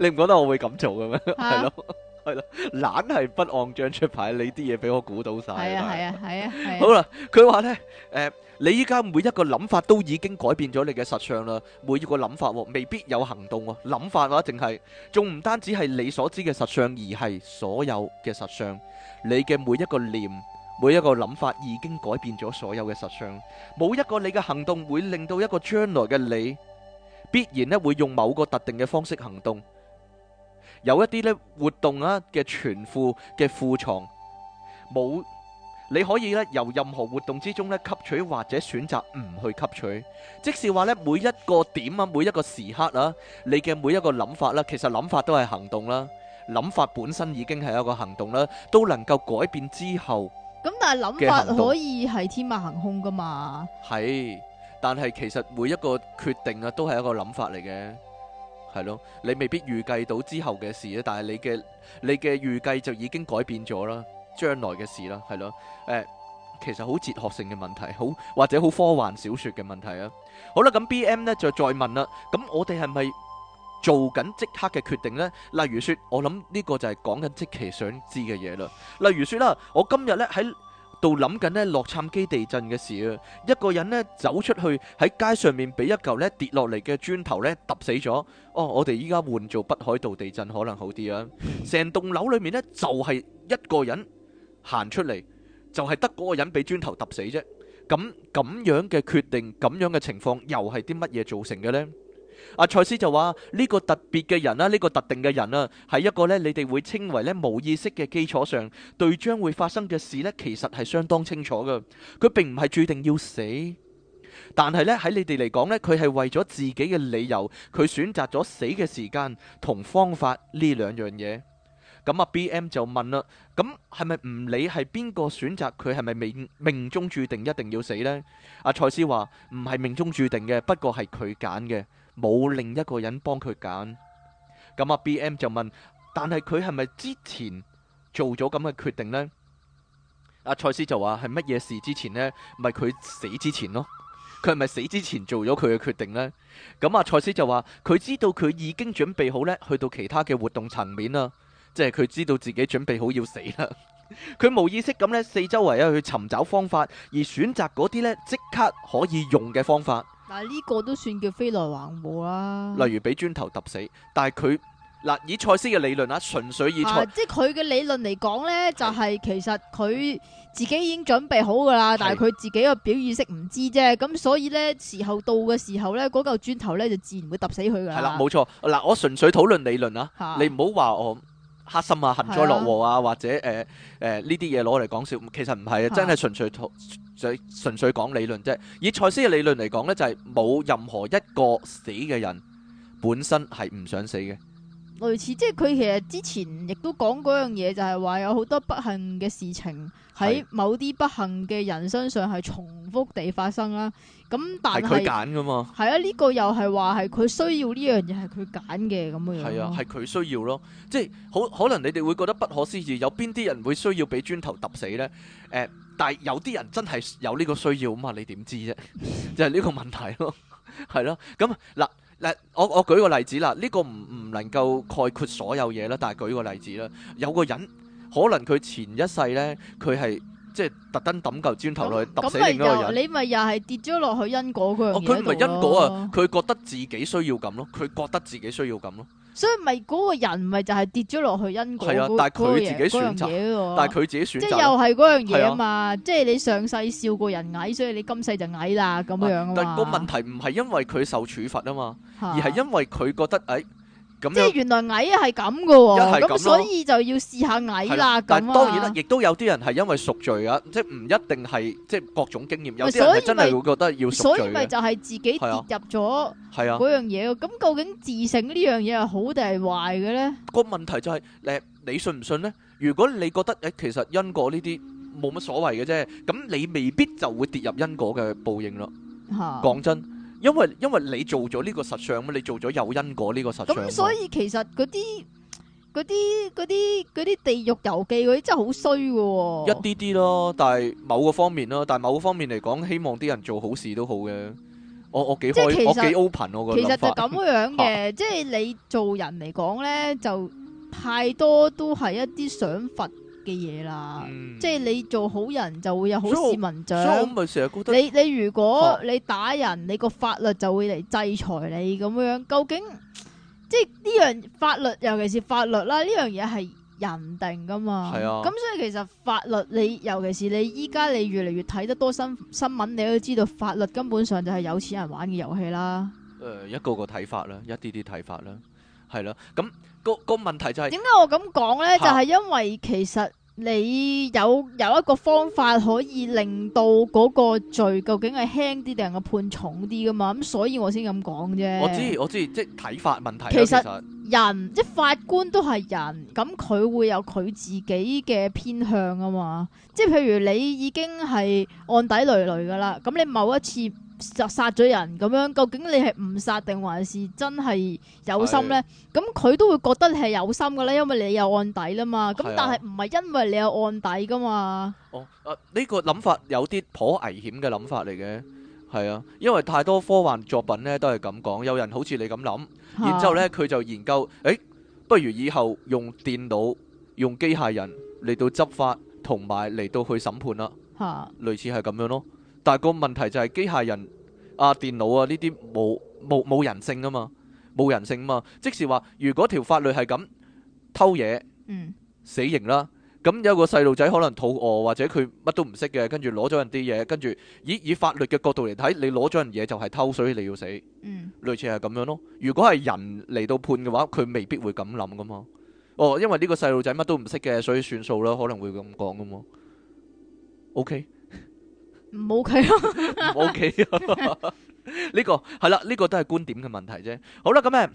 你唔覺得我會咁做嘅咩？係咯、啊？ 係啦，懶係不按章出牌，你啲嘢俾我估到晒。係啊，係啊，係啊。好啦，佢話咧，誒，你依家每一個諗法都已經改變咗你嘅實相啦。每一個諗法，未必有行動喎。諗法嘅話，淨係仲唔單止係你所知嘅實相，而係所有嘅實相。你嘅每一個念，每一個諗法，已經改變咗所有嘅實相。冇一個你嘅行動會令到一個將來嘅你，必然咧會用某個特定嘅方式行動。有一啲咧活動啊嘅全庫嘅庫藏，冇你可以咧由任何活動之中咧吸取，或者選擇唔去吸取。即是話咧，每一個點啊，每一個時刻啊，你嘅每一個諗法啦，其實諗法都係行動啦，諗法本身已經係一個行動啦，都能夠改變之後嘅行動。咁但係諗法可以係天馬行空噶嘛？係，但係其實每一個決定啊，都係一個諗法嚟嘅。係咯，你未必預計到之後嘅事咧，但係你嘅你嘅預計就已經改變咗啦，將來嘅事啦，係咯，誒、呃，其實好哲學性嘅問，問題，好或者好科幻小說嘅問題啊。好啦，咁 BM 呢就再問啦，咁我哋係咪做緊即刻嘅決定呢？例如說，我諗呢個就係講緊即期想知嘅嘢啦。例如說啦，我今日呢喺。度諗緊呢，洛杉磯地震嘅事啊，一個人呢走出去喺街上面，俾一嚿呢跌落嚟嘅磚頭呢揼死咗。哦，我哋依家換做北海道地震可能好啲啊。成棟樓裏面呢就係一個人行出嚟，就係得嗰個人俾磚頭揼死啫。咁咁樣嘅決定，咁樣嘅情況，又係啲乜嘢造成嘅呢？阿蔡，啊，斯就話呢，呢個特別嘅人啦，啊，呢、呢個特定嘅人啊，喺一個呢，你哋會稱為呢冇意識嘅基礎上，對將會發生嘅事呢，其實係相當清楚噶。佢並唔係注定要死，但係呢，喺你哋嚟講呢，佢係為咗自己嘅理由，佢選擇咗死嘅時間同方法呢兩樣嘢。咁、嗯、阿、啊，B M 就問啦，咁係咪唔理係邊個選擇，佢係咪命命中注定一定要死呢？啊，阿蔡斯話唔係命中注定嘅，不過係佢揀嘅。冇另一個人幫佢揀，咁啊 B M 就問：但係佢係咪之前做咗咁嘅決定呢？啊，阿賽斯就話：係乜嘢事之前呢？咪佢死之前咯，佢係咪死之前做咗佢嘅決定呢？啊，咁阿賽斯就話：佢知道佢已經準備好呢去到其他嘅活動層面啦，即係佢知道自己準備好要死啦。佢 冇意識咁呢，四周圍咧去尋找方法，而選擇嗰啲呢即刻可以用嘅方法。嗱，呢個都算叫飛來橫禍啦。例如俾磚頭揼死，但係佢嗱以賽斯嘅理論啊，純粹以賽即係佢嘅理論嚟講呢，是就係其實佢自己已經準備好噶啦，但係佢自己個表意識唔知啫，咁是所以呢，時候到嘅時候呢，嗰嚿磚頭呢，就自然會揼死佢噶啦。係啦，冇錯的，嗱，我純粹討論理論啊，你唔好話我。黑心啊，幸災樂禍啊，或者誒誒呢啲嘢攞嚟講笑，其實唔係啊，真係純粹同純粹講理論啫。以賽斯嘅理論嚟講咧，就係、是、冇任何一個死嘅人本身係唔想死嘅。類似，即係佢其實之前亦都講嗰樣嘢，就係、是、話有好多不幸嘅事情喺某啲不幸嘅人身上係重複地發生啦。咁但係係佢揀噶嘛？係是啊，呢個又係話係佢需要呢樣嘢，係佢揀嘅咁嘅樣。係啊，係佢需要咯。即係好可能你哋會覺得不可思議，有邊啲人會需要俾磚頭揼死咧？誒、呃，但係有啲人真係有呢個需要啊嘛？你點知啫？ 就係呢個問題咯，係 咯、啊。咁嗱。嗱，我我舉個例子啦，呢個唔唔能夠概括所有嘢啦，但係舉個例子啦，有個人可能佢前一世呢，佢係。即係特登抌嚿磚頭落去揼那死另外一個人，你咪又係跌咗落去因果佢？佢唔係因果啊，佢覺得自己需要咁咯，佢覺得自己需要咁咯。所以咪嗰個人咪就係跌咗落去因果係啊，那個，但係佢自己選擇，但係佢自己選擇。即係又係嗰樣嘢啊嘛！啊，即係你上世笑過人矮，所以你今世就矮啦咁樣啊，但個問題唔係因為佢受處罰啊嘛，而係因為佢覺得誒。哎即係原來矮係咁噶喎，咁所以就要試下矮啦。咁啊，當然啦，亦都有啲人係因為贖罪啊，即係唔一定係即係各種經驗，有啲人真係會覺得要贖罪。所以咪就係自己跌入咗係啊嗰樣嘢咯。咁究竟自省呢樣嘢係好定係壞嘅咧？個問題就係誒，你信唔信咧？如果你覺得誒，其實因果呢啲冇乜所謂嘅啫，咁你未必就會跌入因果嘅報應咯。吓，講真。因為因為你做咗呢個實相咁，你做咗有因果呢個實相。咁所以其實嗰啲嗰啲嗰啲嗰啲地獄遊記嗰啲真係好衰噶。一啲啲咯，但係某個方面咯，但係某個方面嚟講，希望啲人做好事都好嘅。我我幾開，我幾 open，我覺得。其實就咁樣嘅，即係你做人嚟講咧，就太多都係一啲想法。嘅嘢啦，嗯、即係你做好人就會有好市民獎。咪成日覺得你你如果你打人，啊、你個法律就會嚟制裁你咁樣。究竟即係呢樣法律，尤其是法律啦，呢樣嘢係人定噶嘛？係啊。咁所以其實法律你，尤其是你依家你越嚟越睇得多新新聞，你都知道法律根本上就係有錢人玩嘅遊戲啦。誒、呃，一個個睇法啦，一啲啲睇法啦，係啦，咁、嗯。嗯個個問題就係點解我咁講呢？就係因為其實你有有一個方法可以令到嗰個罪究竟係輕啲定係判重啲噶嘛？咁所以我先咁講啫。我知我知，即係睇法問題。其實人即法官都係人，咁佢會有佢自己嘅偏向啊嘛。即係譬如你已經係案底累累噶啦，咁你某一次。就殺咗人咁樣，究竟你係唔殺定還是真係有心呢？咁佢、啊、都會覺得你係有心嘅啦，因為你有案底啦嘛。咁但係唔係因為你有案底噶嘛、啊？哦，呢、啊這個諗法有啲頗危險嘅諗法嚟嘅，係啊，因為太多科幻作品呢都係咁講，有人好似你咁諗，然之後咧佢就研究，誒、欸，不如以後用電腦、用機械人嚟到執法，同埋嚟到去審判啦，吓、啊，類似係咁樣咯。但係個問題就係機械人啊、電腦啊呢啲冇冇冇人性啊嘛，冇人性啊嘛。即是話如果條法律係咁偷嘢，嗯，死刑啦。咁有個細路仔可能肚餓或者佢乜都唔識嘅，跟住攞咗人啲嘢，跟住以以法律嘅角度嚟睇，你攞咗人嘢就係偷，所以你要死。嗯，類似係咁樣咯。如果係人嚟到判嘅話，佢未必會咁諗噶嘛。哦，因為呢個細路仔乜都唔識嘅，所以算數啦，可能會咁講噶嘛。OK。冇佢咯，冇佢咯，呢個係啦，呢個都係觀點嘅問題啫。好啦，咁咩？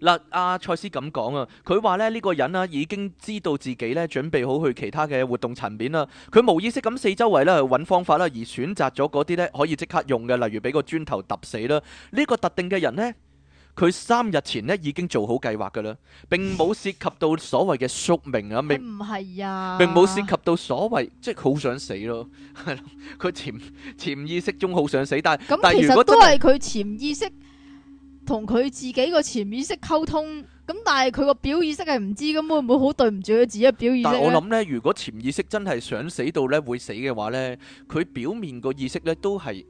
嗱、啊，阿賽斯咁講啊，佢話咧呢個人啊已經知道自己咧準備好去其他嘅活動層面啦。佢無意識咁四周圍咧去揾方法啦，而選擇咗嗰啲咧可以即刻用嘅，例如俾個磚頭揼死啦。呢個特定嘅人呢，佢三日前咧已經做好計劃嘅啦，並冇涉及到所謂嘅宿命 未，唔係啊！並冇涉及到所謂即係好想死咯，係 佢潛潛意識中好想死，但係但係其實如果都係佢潛意識同佢自己個潛意識溝通，咁但係佢個表意識係唔知，咁會唔會好對唔住佢自己嘅表意識？但係我諗咧，如果潛意識真係想死到咧會死嘅話咧，佢表面個意識咧都係。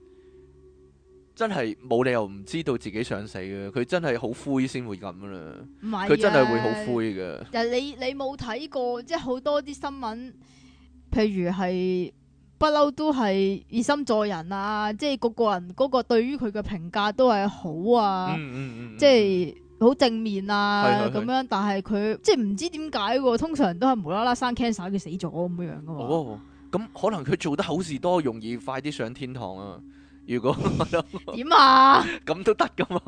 真係冇理由唔知道自己想死嘅，佢真係好灰先會咁噶。佢真係會好灰嘅。但係你你冇睇過，即係好多啲新聞，譬如係不嬲都係熱心助人啊，即係個個人嗰、嗰個對於佢嘅評價都係好啊，嗯嗯嗯嗯、即係好正面啊咁是樣。但係佢即係唔知點解，通常都係無啦啦生 cancer 佢死咗，咁一樣噶哦，咁可能佢做得好事多，容易快啲上天堂啊。如果我點啊？咁都得噶嘛？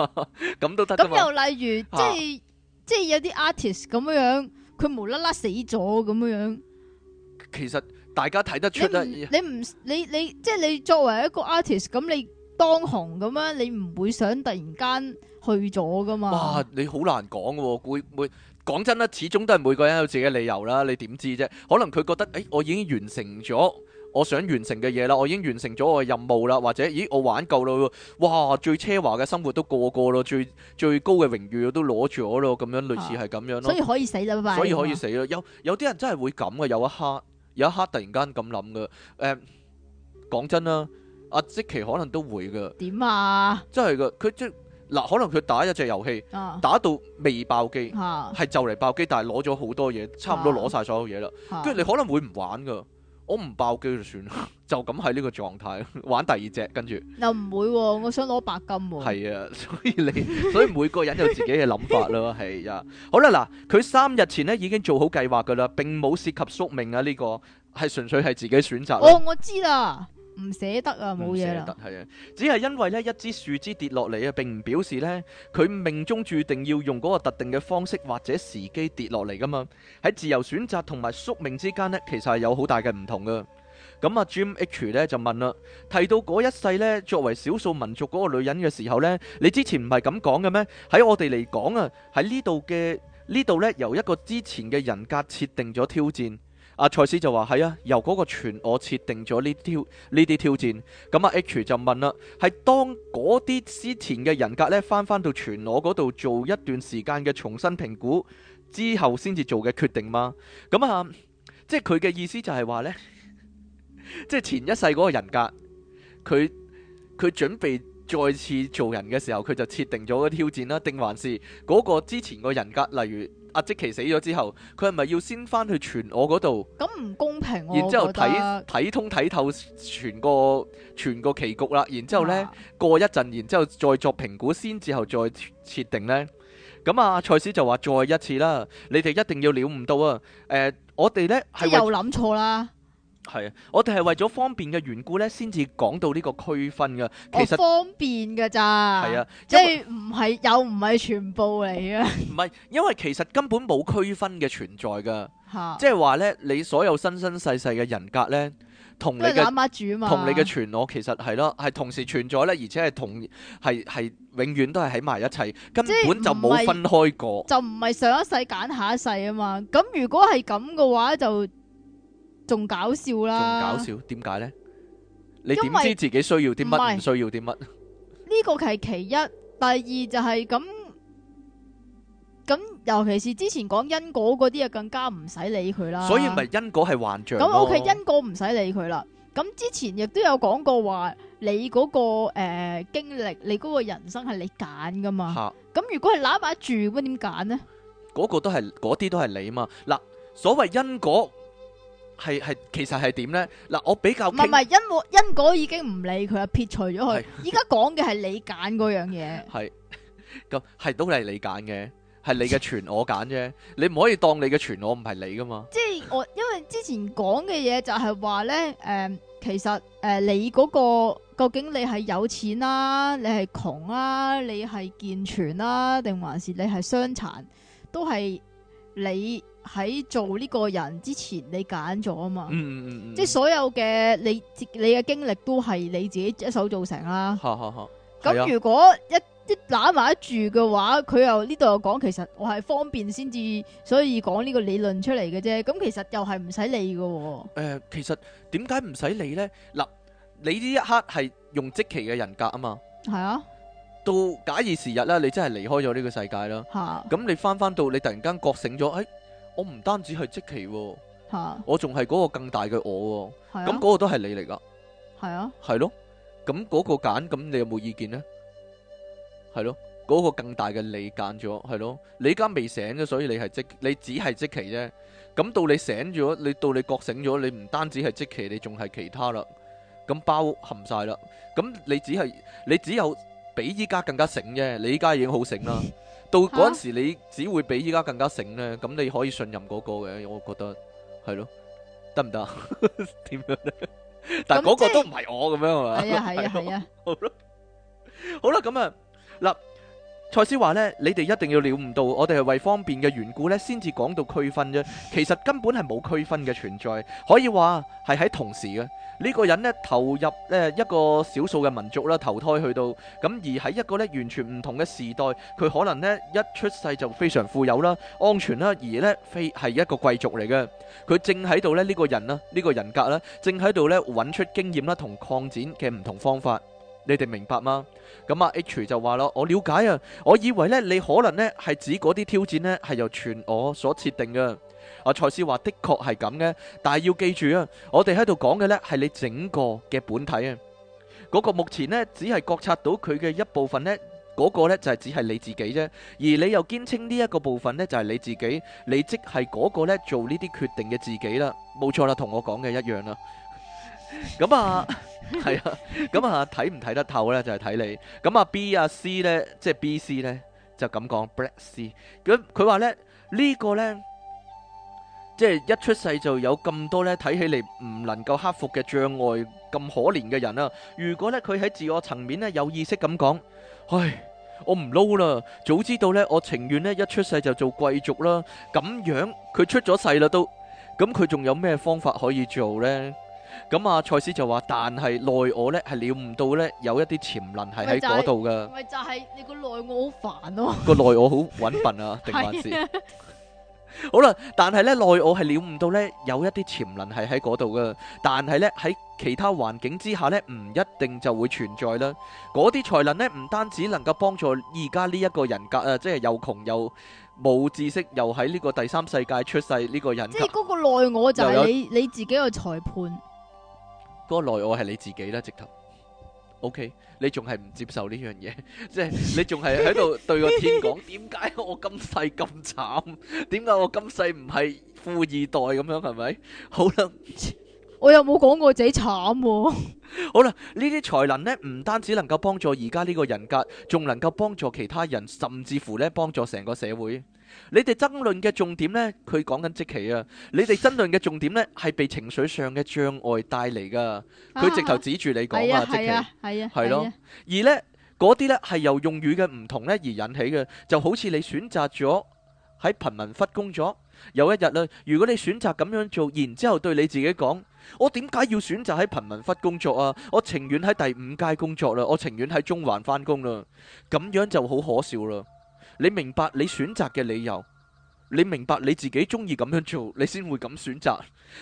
咁都得噶，咁又例如，啊、即係即係有啲 artist 咁樣樣，佢無啦啦死咗咁樣樣。其實大家睇得出你唔你你，你，你即係你作為一個 artist，咁你當紅咁樣，你唔會想突然間去咗噶嘛？哇！你好難講嘅喎，每講真啦，始終都係每個人有自己嘅理由啦。你點知啫？可能佢覺得誒、欸，我已經完成咗。我想完成嘅嘢啦，我已經完成咗我嘅任務啦，或者咦，我玩夠咯，哇，最奢華嘅生活都過過咯，最最高嘅榮譽都攞咗咯，咁樣類似係咁樣咯、啊，所以可以死啦，所以可以死咯吧，有有啲人真係會咁嘅，有一刻有一刻突然間咁諗噶，誒、嗯、講真啦，阿積奇可能都會噶，點啊？真係噶，佢即嗱可能佢打一隻遊戲，啊、打到未爆機，係就嚟爆機，但係攞咗好多嘢，差唔多攞晒所有嘢啦，跟住你可能會唔玩噶。我唔爆機就算啦，就咁喺呢個狀態玩第二隻，跟住又唔會、啊，我想攞白金喎、啊。係啊，所以你 所以每個人有自己嘅諗法咯，係啊。好啦，嗱，佢三日前咧已經做好計劃噶啦，並冇涉及宿命啊呢、呢個係純粹係自己選擇。哦，我知啦。唔捨得啊，冇嘢啦。得，係啊，只係因為咧，一支樹枝跌落嚟啊，並唔表示呢，佢命中注定要用嗰個特定嘅方式或者時機跌落嚟噶嘛。喺自由選擇同埋宿命之間呢，其實係有好大嘅唔同噶。咁、嗯、啊，Jim H 呢就問啦，提到嗰一世呢，作為少數民族嗰個女人嘅時候呢，你之前唔係咁講嘅咩？喺我哋嚟講啊，喺呢度嘅呢度呢，由一個之前嘅人格設定咗挑戰。阿賽、啊、斯就話係啊，由嗰個全我設定咗呢啲挑戰，咁、啊、阿 H 就問啦，係當嗰啲之前嘅人格呢，翻翻到全我嗰度做一段時間嘅重新評估之後，先至做嘅決定嗎？咁啊，即係佢嘅意思就係話呢，即係前一世嗰個人格，佢佢準備再次做人嘅時候，佢就設定咗個挑戰啦，定還是嗰個之前個人格，例如？阿、啊、即奇死咗之後，佢係咪要先翻去全我嗰度？咁唔公平、啊。然之後睇睇通睇透全個全個棋局啦。然之後咧、啊、過一陣，然之後再作評估，先之後再設定咧。咁啊，賽斯就話再一次啦。你哋一定要了唔到啊！誒、呃，我哋咧係又諗錯啦。係啊，我哋係為咗方便嘅緣故咧，先至講到呢個區分噶。其實，哦，方便噶咋，係啊，為即係唔係又唔係全部嚟嘅。唔係，因為其實根本冇區分嘅存在噶。吓，即係話咧，你所有生生世世嘅人格咧，同你嘅，著著嘛，同你嘅全我，其實係咯，係同時存在咧，而且係同係係永遠都係喺埋一齊，根本就冇分開過。就唔係上一世揀下一世啊嘛？咁如果係咁嘅話就。仲搞笑啦！仲搞笑，點解咧？你點知自己需要啲乜？唔需要啲乜？呢個係其一，第二就係咁咁，尤其是之前講因果嗰啲啊，更加唔使理佢啦。所以咪因果係幻象。咁 OK，因果唔使理佢啦。咁之前亦都有講過話，你嗰個誒經歷，你嗰個人生係你揀噶嘛？咁如果係揦埋住，咁點揀咧？嗰個都係嗰啲都係你嘛？嗱，所謂因果。係係，其實係點咧？嗱，我比較唔係因果，因果已經唔理佢啊，撇除咗佢。依家講嘅係你揀嗰樣嘢，係咁係都係你揀嘅，係你嘅全我揀啫。 你唔可以當你嘅全我唔係你噶嘛？即係我因為之前講嘅嘢就係話咧，誒、呃，其實誒、呃，你嗰、那個究竟你係有錢啦，你係窮啊，你係、啊、健全啦、啊，定還是你係傷殘，都係你。喺做呢個人之前你、嗯，你揀咗啊嘛，即係所有嘅你自你嘅經歷都係你自己一手造成啦。咁如果一、啊、一攬埋一住嘅話，佢又呢度又講、哦呃，其實我係方便先至，所以講呢個理論出嚟嘅啫。咁其實又係唔使理嘅。誒，其實點解唔使理呢？嗱，你呢一刻係用即期嘅人格啊嘛。係啊，到假以時日啦，你真係離開咗呢個世界啦。咁、啊、你翻翻到你突然間覺醒咗，誒、哎。我唔單止係即期，我仲係嗰個更大嘅我，咁嗰個都係你嚟噶，係啊，係咯，咁嗰個揀，咁你有冇意見呢？係咯，嗰個更大嘅你揀咗，係咯，你依家未醒嘅，所以你係即，你只係即期啫。咁到你醒咗，你到你覺醒咗，你唔單止係即期，你仲係其他啦，咁包含晒啦。咁你只係，你只有比依家更加醒啫。你依家已經好醒啦。到嗰陣時，你只會比依家更加醒咧，咁你可以信任嗰個嘅，我覺得係咯，得唔得？點樣咧？但係嗰個都唔係我咁樣係嘛？係啊係啊係啊！好咯，好啦，咁啊嗱。賽斯話咧：你哋一定要了悟到，我哋係為方便嘅緣故咧，先至講到區分啫。其實根本係冇區分嘅存在，可以話係喺同時嘅呢個人咧投入咧一個少數嘅民族啦，投胎去到咁而喺一個咧完全唔同嘅時代，佢可能咧一出世就非常富有啦、安全啦，而咧非係一個貴族嚟嘅。佢正喺度咧呢個人啦，呢個人格啦，正喺度咧揾出經驗啦同擴展嘅唔同方法。你哋明白嗎？咁阿 H 就話啦，我了解啊，我以為呢，你可能呢，係指嗰啲挑戰呢，係由全我所設定嘅。阿賽斯話的確係咁嘅，但係要記住啊，我哋喺度講嘅呢，係你整個嘅本體啊，嗰個目前呢，只係覺察到佢嘅一部分呢，嗰個呢，就係只係你自己啫。而你又堅稱呢一個部分呢，就係你自己，你即係嗰個呢，做呢啲決定嘅自己啦，冇錯啦，同我講嘅一樣啦。咁啊，係啊，咁啊，睇唔睇得透咧，就係睇你。咁啊，B 啊 C 咧，即係 BC 咧，就咁講 Black C。咁佢話咧，呢個咧，即係一出世就有咁多咧，睇起嚟唔能夠克服嘅障礙，咁可憐嘅人啊。如果咧佢喺自我層面咧，有意識咁講，唉，我唔撈啦，早知道咧，我情願咧一出世就做貴族啦。咁樣佢出咗世啦都，咁佢仲有咩方法可以做咧？咁啊，賽斯就話，但係內我呢係了唔到呢，有一啲潛能係喺嗰度噶。咪就係、是就是、你個內我好煩咯、啊，個 內我好揾笨啊，定還 是、啊？ 好啦，但係呢內我係了唔到呢，有一啲潛能係喺嗰度噶。但係呢，喺其他環境之下呢，唔一定就會存在啦。嗰啲才能呢，唔單止能夠幫助而家呢一個人格啊、呃，即係又窮又冇知識，又喺呢個第三世界出世呢個人。即係嗰個內我就係你有你自己嘅裁判。嗰個內外係你自己啦，直頭，O K，你仲係唔接受呢樣嘢， 即係你仲係喺度對個天講，點解 我今世咁慘？點解我今世唔係富二代咁樣？係咪？好啦，我又冇講我自己慘。好啦，呢啲、啊、才能呢，唔單止能夠幫助而家呢個人格，仲能夠幫助其他人，甚至乎呢，幫助成個社會。你哋爭論嘅重點呢？佢講緊即期啊！ 你哋爭論嘅重點呢，係被情緒上嘅障礙帶嚟噶。佢直頭指住你講啊，哎、呀即期係咯。而呢嗰啲呢，係由用語嘅唔同呢而引起嘅，就好似你選擇咗喺貧民窟工作，有一日咧，如果你選擇咁樣做，然之後對你自己講：，我點解要選擇喺貧民窟工作啊？我情願喺第五街工作啦，我情願喺中環返工啦，咁樣就好可笑啦。你明白你選擇嘅理由，你明白你自己中意咁樣做，你先會咁選擇。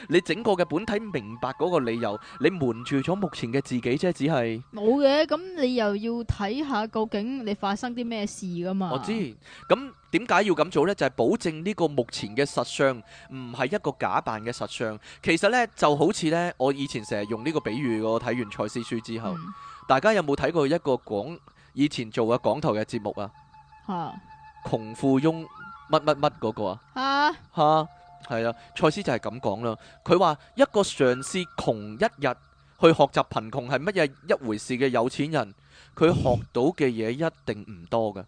你整個嘅本體明白嗰個理由，你瞞住咗目前嘅自己啫，只係冇嘅。咁你又要睇下究竟你發生啲咩事噶嘛？我知咁點解要咁做呢？就係、是、保證呢個目前嘅實相唔係一個假扮嘅實相。其實呢就好似呢，我以前成日用呢個比喻噶。我睇完賽斯書之後，嗯、大家有冇睇過一個廣以前做嘅港台嘅節目啊？啊！窮富翁乜乜乜嗰個啊？吓吓係啊！賽斯、啊啊、就係咁講啦。佢話一個嘗試窮一日去學習貧窮係乜嘢一回事嘅有錢人，佢學到嘅嘢一定唔多噶。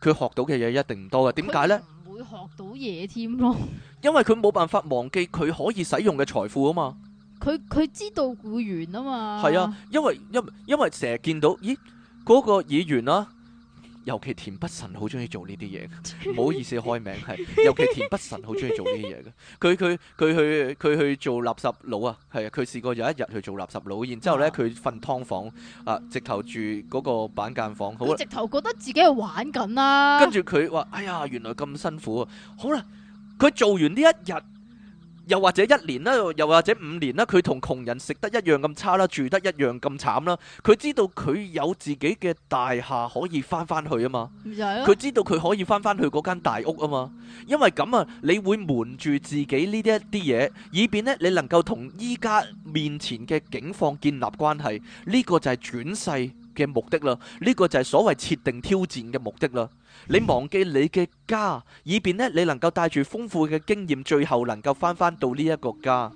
佢學到嘅嘢一定唔多噶。點解呢？唔會學到嘢添咯？ 因為佢冇辦法忘記佢可以使用嘅財富啊嘛。佢佢知道故園啊嘛。係 啊，因為因因為成日見到，咦，嗰、嗰個議員啦、啊。尤其田北辰好中意做呢啲嘢，唔好意思開名係。 尤其田北辰好中意做呢啲嘢嘅，佢佢佢去佢去做垃圾佬啊，係佢試過有一日去做垃圾佬，然之後呢，佢瞓劏房啊，直頭住嗰個板間房，好，直頭覺得自己係玩緊、啊、啦。跟住佢話：哎呀，原來咁辛苦啊！好啦，佢做完呢一日。又或者一年啦，又或者五年啦，佢同窮人食得一樣咁差啦，住得一樣咁慘啦。佢知道佢有自己嘅大廈可以翻翻去啊嘛，佢知道佢可以翻翻去嗰間大屋啊嘛。因為咁啊，你會瞞住自己呢一啲嘢，以便咧你能夠同依家面前嘅境況建立關係。呢個就係轉世嘅目的啦，呢個就係所謂設定挑戰嘅目的啦。你忘記你嘅家，以便咧你能夠帶住豐富嘅經驗，最後能夠翻翻到呢一個家。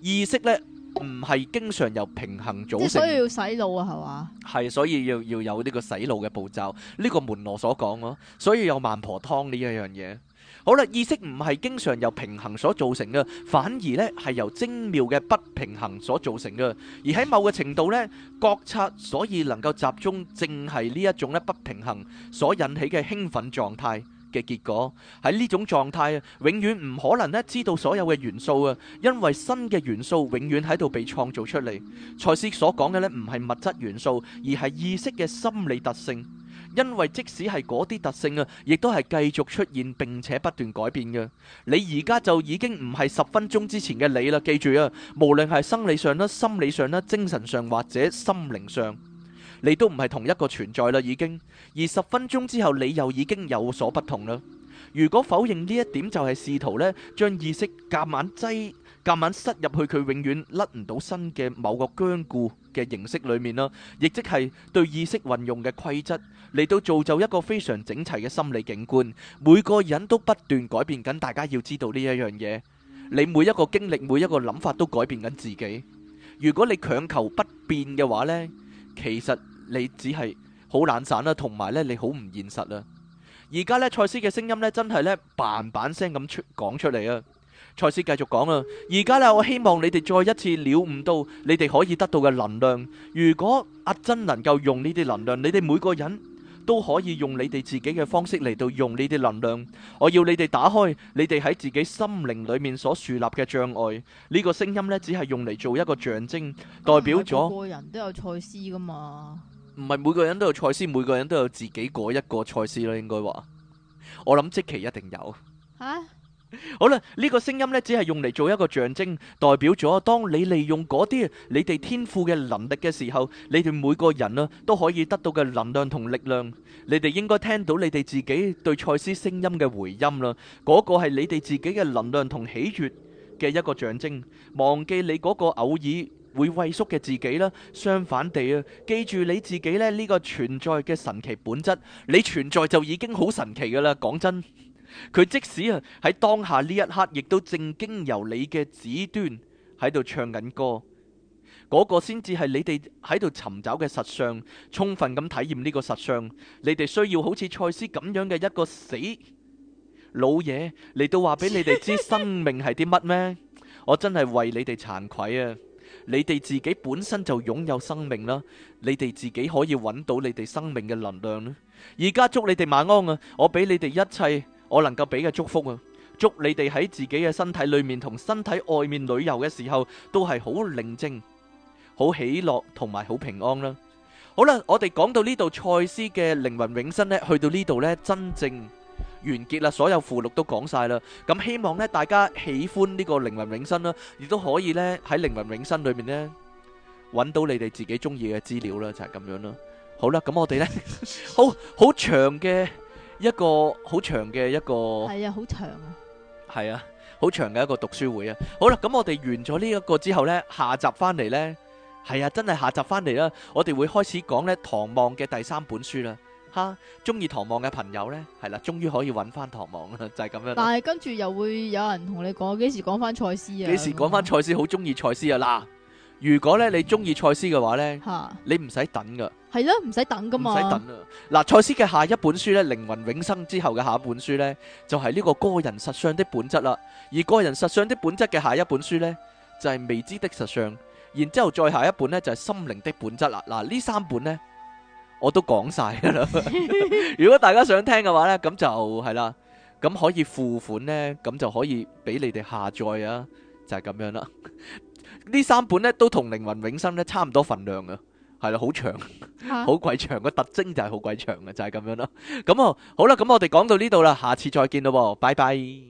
意識咧唔係經常由平衡組成，所以要洗腦啊，係嘛？係所以要要有呢個洗腦嘅步驟，呢個門羅所講咯。所以有孟婆湯呢一樣嘢。好啦，意識唔係經常由平衡所造成嘅，反而咧係由精妙嘅不平衡所造成嘅。而喺某個程度咧，覺察所以能夠集中，正係呢一種咧不平衡所引起嘅興奮狀態嘅結果。喺呢種狀態，永遠唔可能咧知道所有嘅元素啊，因為新嘅元素永遠喺度被創造出嚟。賽斯所講嘅咧，唔係物質元素，而係意識嘅心理特性。因為即使係嗰啲特性啊，亦都係繼續出現，並且不斷改變嘅。你而家就已經唔係十分鐘之前嘅你啦。記住啊，無論係生理上啦、心理上啦、精神上或者心靈上，你都唔係同一個存在啦。已經而十分鐘之後，你又已經有所不同啦。如果否認呢一點，就係試圖呢將意識夾硬擠、夾硬塞入去，佢永遠甩唔到身嘅某個僵固嘅形式裏面啦。亦即係對意識運用嘅規則。嚟到造就一個非常整齊嘅心理景觀，每個人都不斷改變緊。大家要知道呢一樣嘢，你每一個經歷、每一個諗法都改變緊自己。如果你強求不變嘅話咧，其實你只係好懶散啦，同埋咧你好唔現實啦。而家咧賽斯嘅聲音咧真係咧嘭嘭聲咁出講出嚟啊！賽斯繼續講啊，而家咧我希望你哋再一次了悟到你哋可以得到嘅能量。如果阿珍能夠用呢啲能量，你哋每個人。都可以用你哋自己嘅方式嚟到用呢啲能量。我要你哋打開你哋喺自己心靈裏面所樹立嘅障礙。呢個聲音呢，只係用嚟做一個象徵，代表咗。啊、每個人都有賽斯噶嘛？唔係每個人都有賽斯，每個人都有自己個一個賽斯啦。應該話，我諗即期一定有。吓、啊？好啦，呢個聲音咧，只係用嚟做一個象徵，代表咗當你利用嗰啲你哋天賦嘅能力嘅時候，你哋每個人啊都可以得到嘅能量同力量。你哋應該聽到你哋自己對賽斯聲音嘅回音啦，嗰個係你哋自己嘅能量同喜悦嘅一個象徵。忘記你嗰個偶爾會畏縮嘅自己啦，相反地啊，記住你自己咧呢個存在嘅神奇本質，你存在就已經好神奇噶啦。講真。佢即使啊喺當下呢一刻，亦都正經由你嘅指端喺度唱緊歌。嗰、那個先至係你哋喺度尋找嘅實相，充分咁體驗呢個實相。你哋需要好似賽斯咁樣嘅一個死老嘢嚟，到話俾你哋知生命係啲乜咩？ 我真係為你哋慚愧啊！你哋自己本身就擁有生命啦、啊，你哋自己可以揾到你哋生命嘅能量啦、啊。而家祝你哋晚安啊！我俾你哋一切。我能夠俾嘅祝福啊，祝你哋喺自己嘅身體裏面同身體外面旅遊嘅時候，都係好寧靜、好喜樂同埋好平安啦。好啦，我哋講到呢度賽斯嘅靈魂永生呢，去到呢度呢真正完結啦，所有附錄都講晒啦。咁希望呢大家喜歡呢個靈魂永生啦，亦都可以呢喺靈魂永生裏面呢搵到你哋自己中意嘅資料啦，就係咁樣啦。好啦，咁我哋呢好好長嘅。一個好長嘅一個係啊，好長啊，係啊，好長嘅一個讀書會啊。好啦，咁我哋完咗呢一個之後呢，下集翻嚟呢。係啊，真係下集翻嚟啦。我哋會開始講呢唐望嘅第三本書啦。吓，中意唐望嘅朋友呢，係啦，終於可以揾翻唐望啦，就係咁樣。但係跟住又會有人同你講，幾時講翻賽斯啊？幾時講翻賽斯？好中意賽斯啊啦！如果咧你中意賽斯嘅話咧，你唔使等噶，係咯，唔使等噶嘛。唔使等啊！嗱，賽斯嘅下一本書咧，《靈魂永生》之後嘅下一本書咧，就係呢個個人實相的本質啦。而個人實相的本質嘅下一本書咧，就係未知的實相。然之後再下一本咧，就係心靈的本質啦。嗱，呢三本咧，我都講晒噶啦。如果大家想聽嘅話咧，咁就係啦，咁可以付款咧，咁就可以俾你哋下載啊，就係咁樣啦。呢三本咧都同《靈魂永生》咧差唔多份量嘅，係啦，好長，好鬼長，個特徵就係好鬼長嘅，就係咁樣啦。咁啊，好啦，咁我哋講到呢度啦，下次再見咯，bye bye。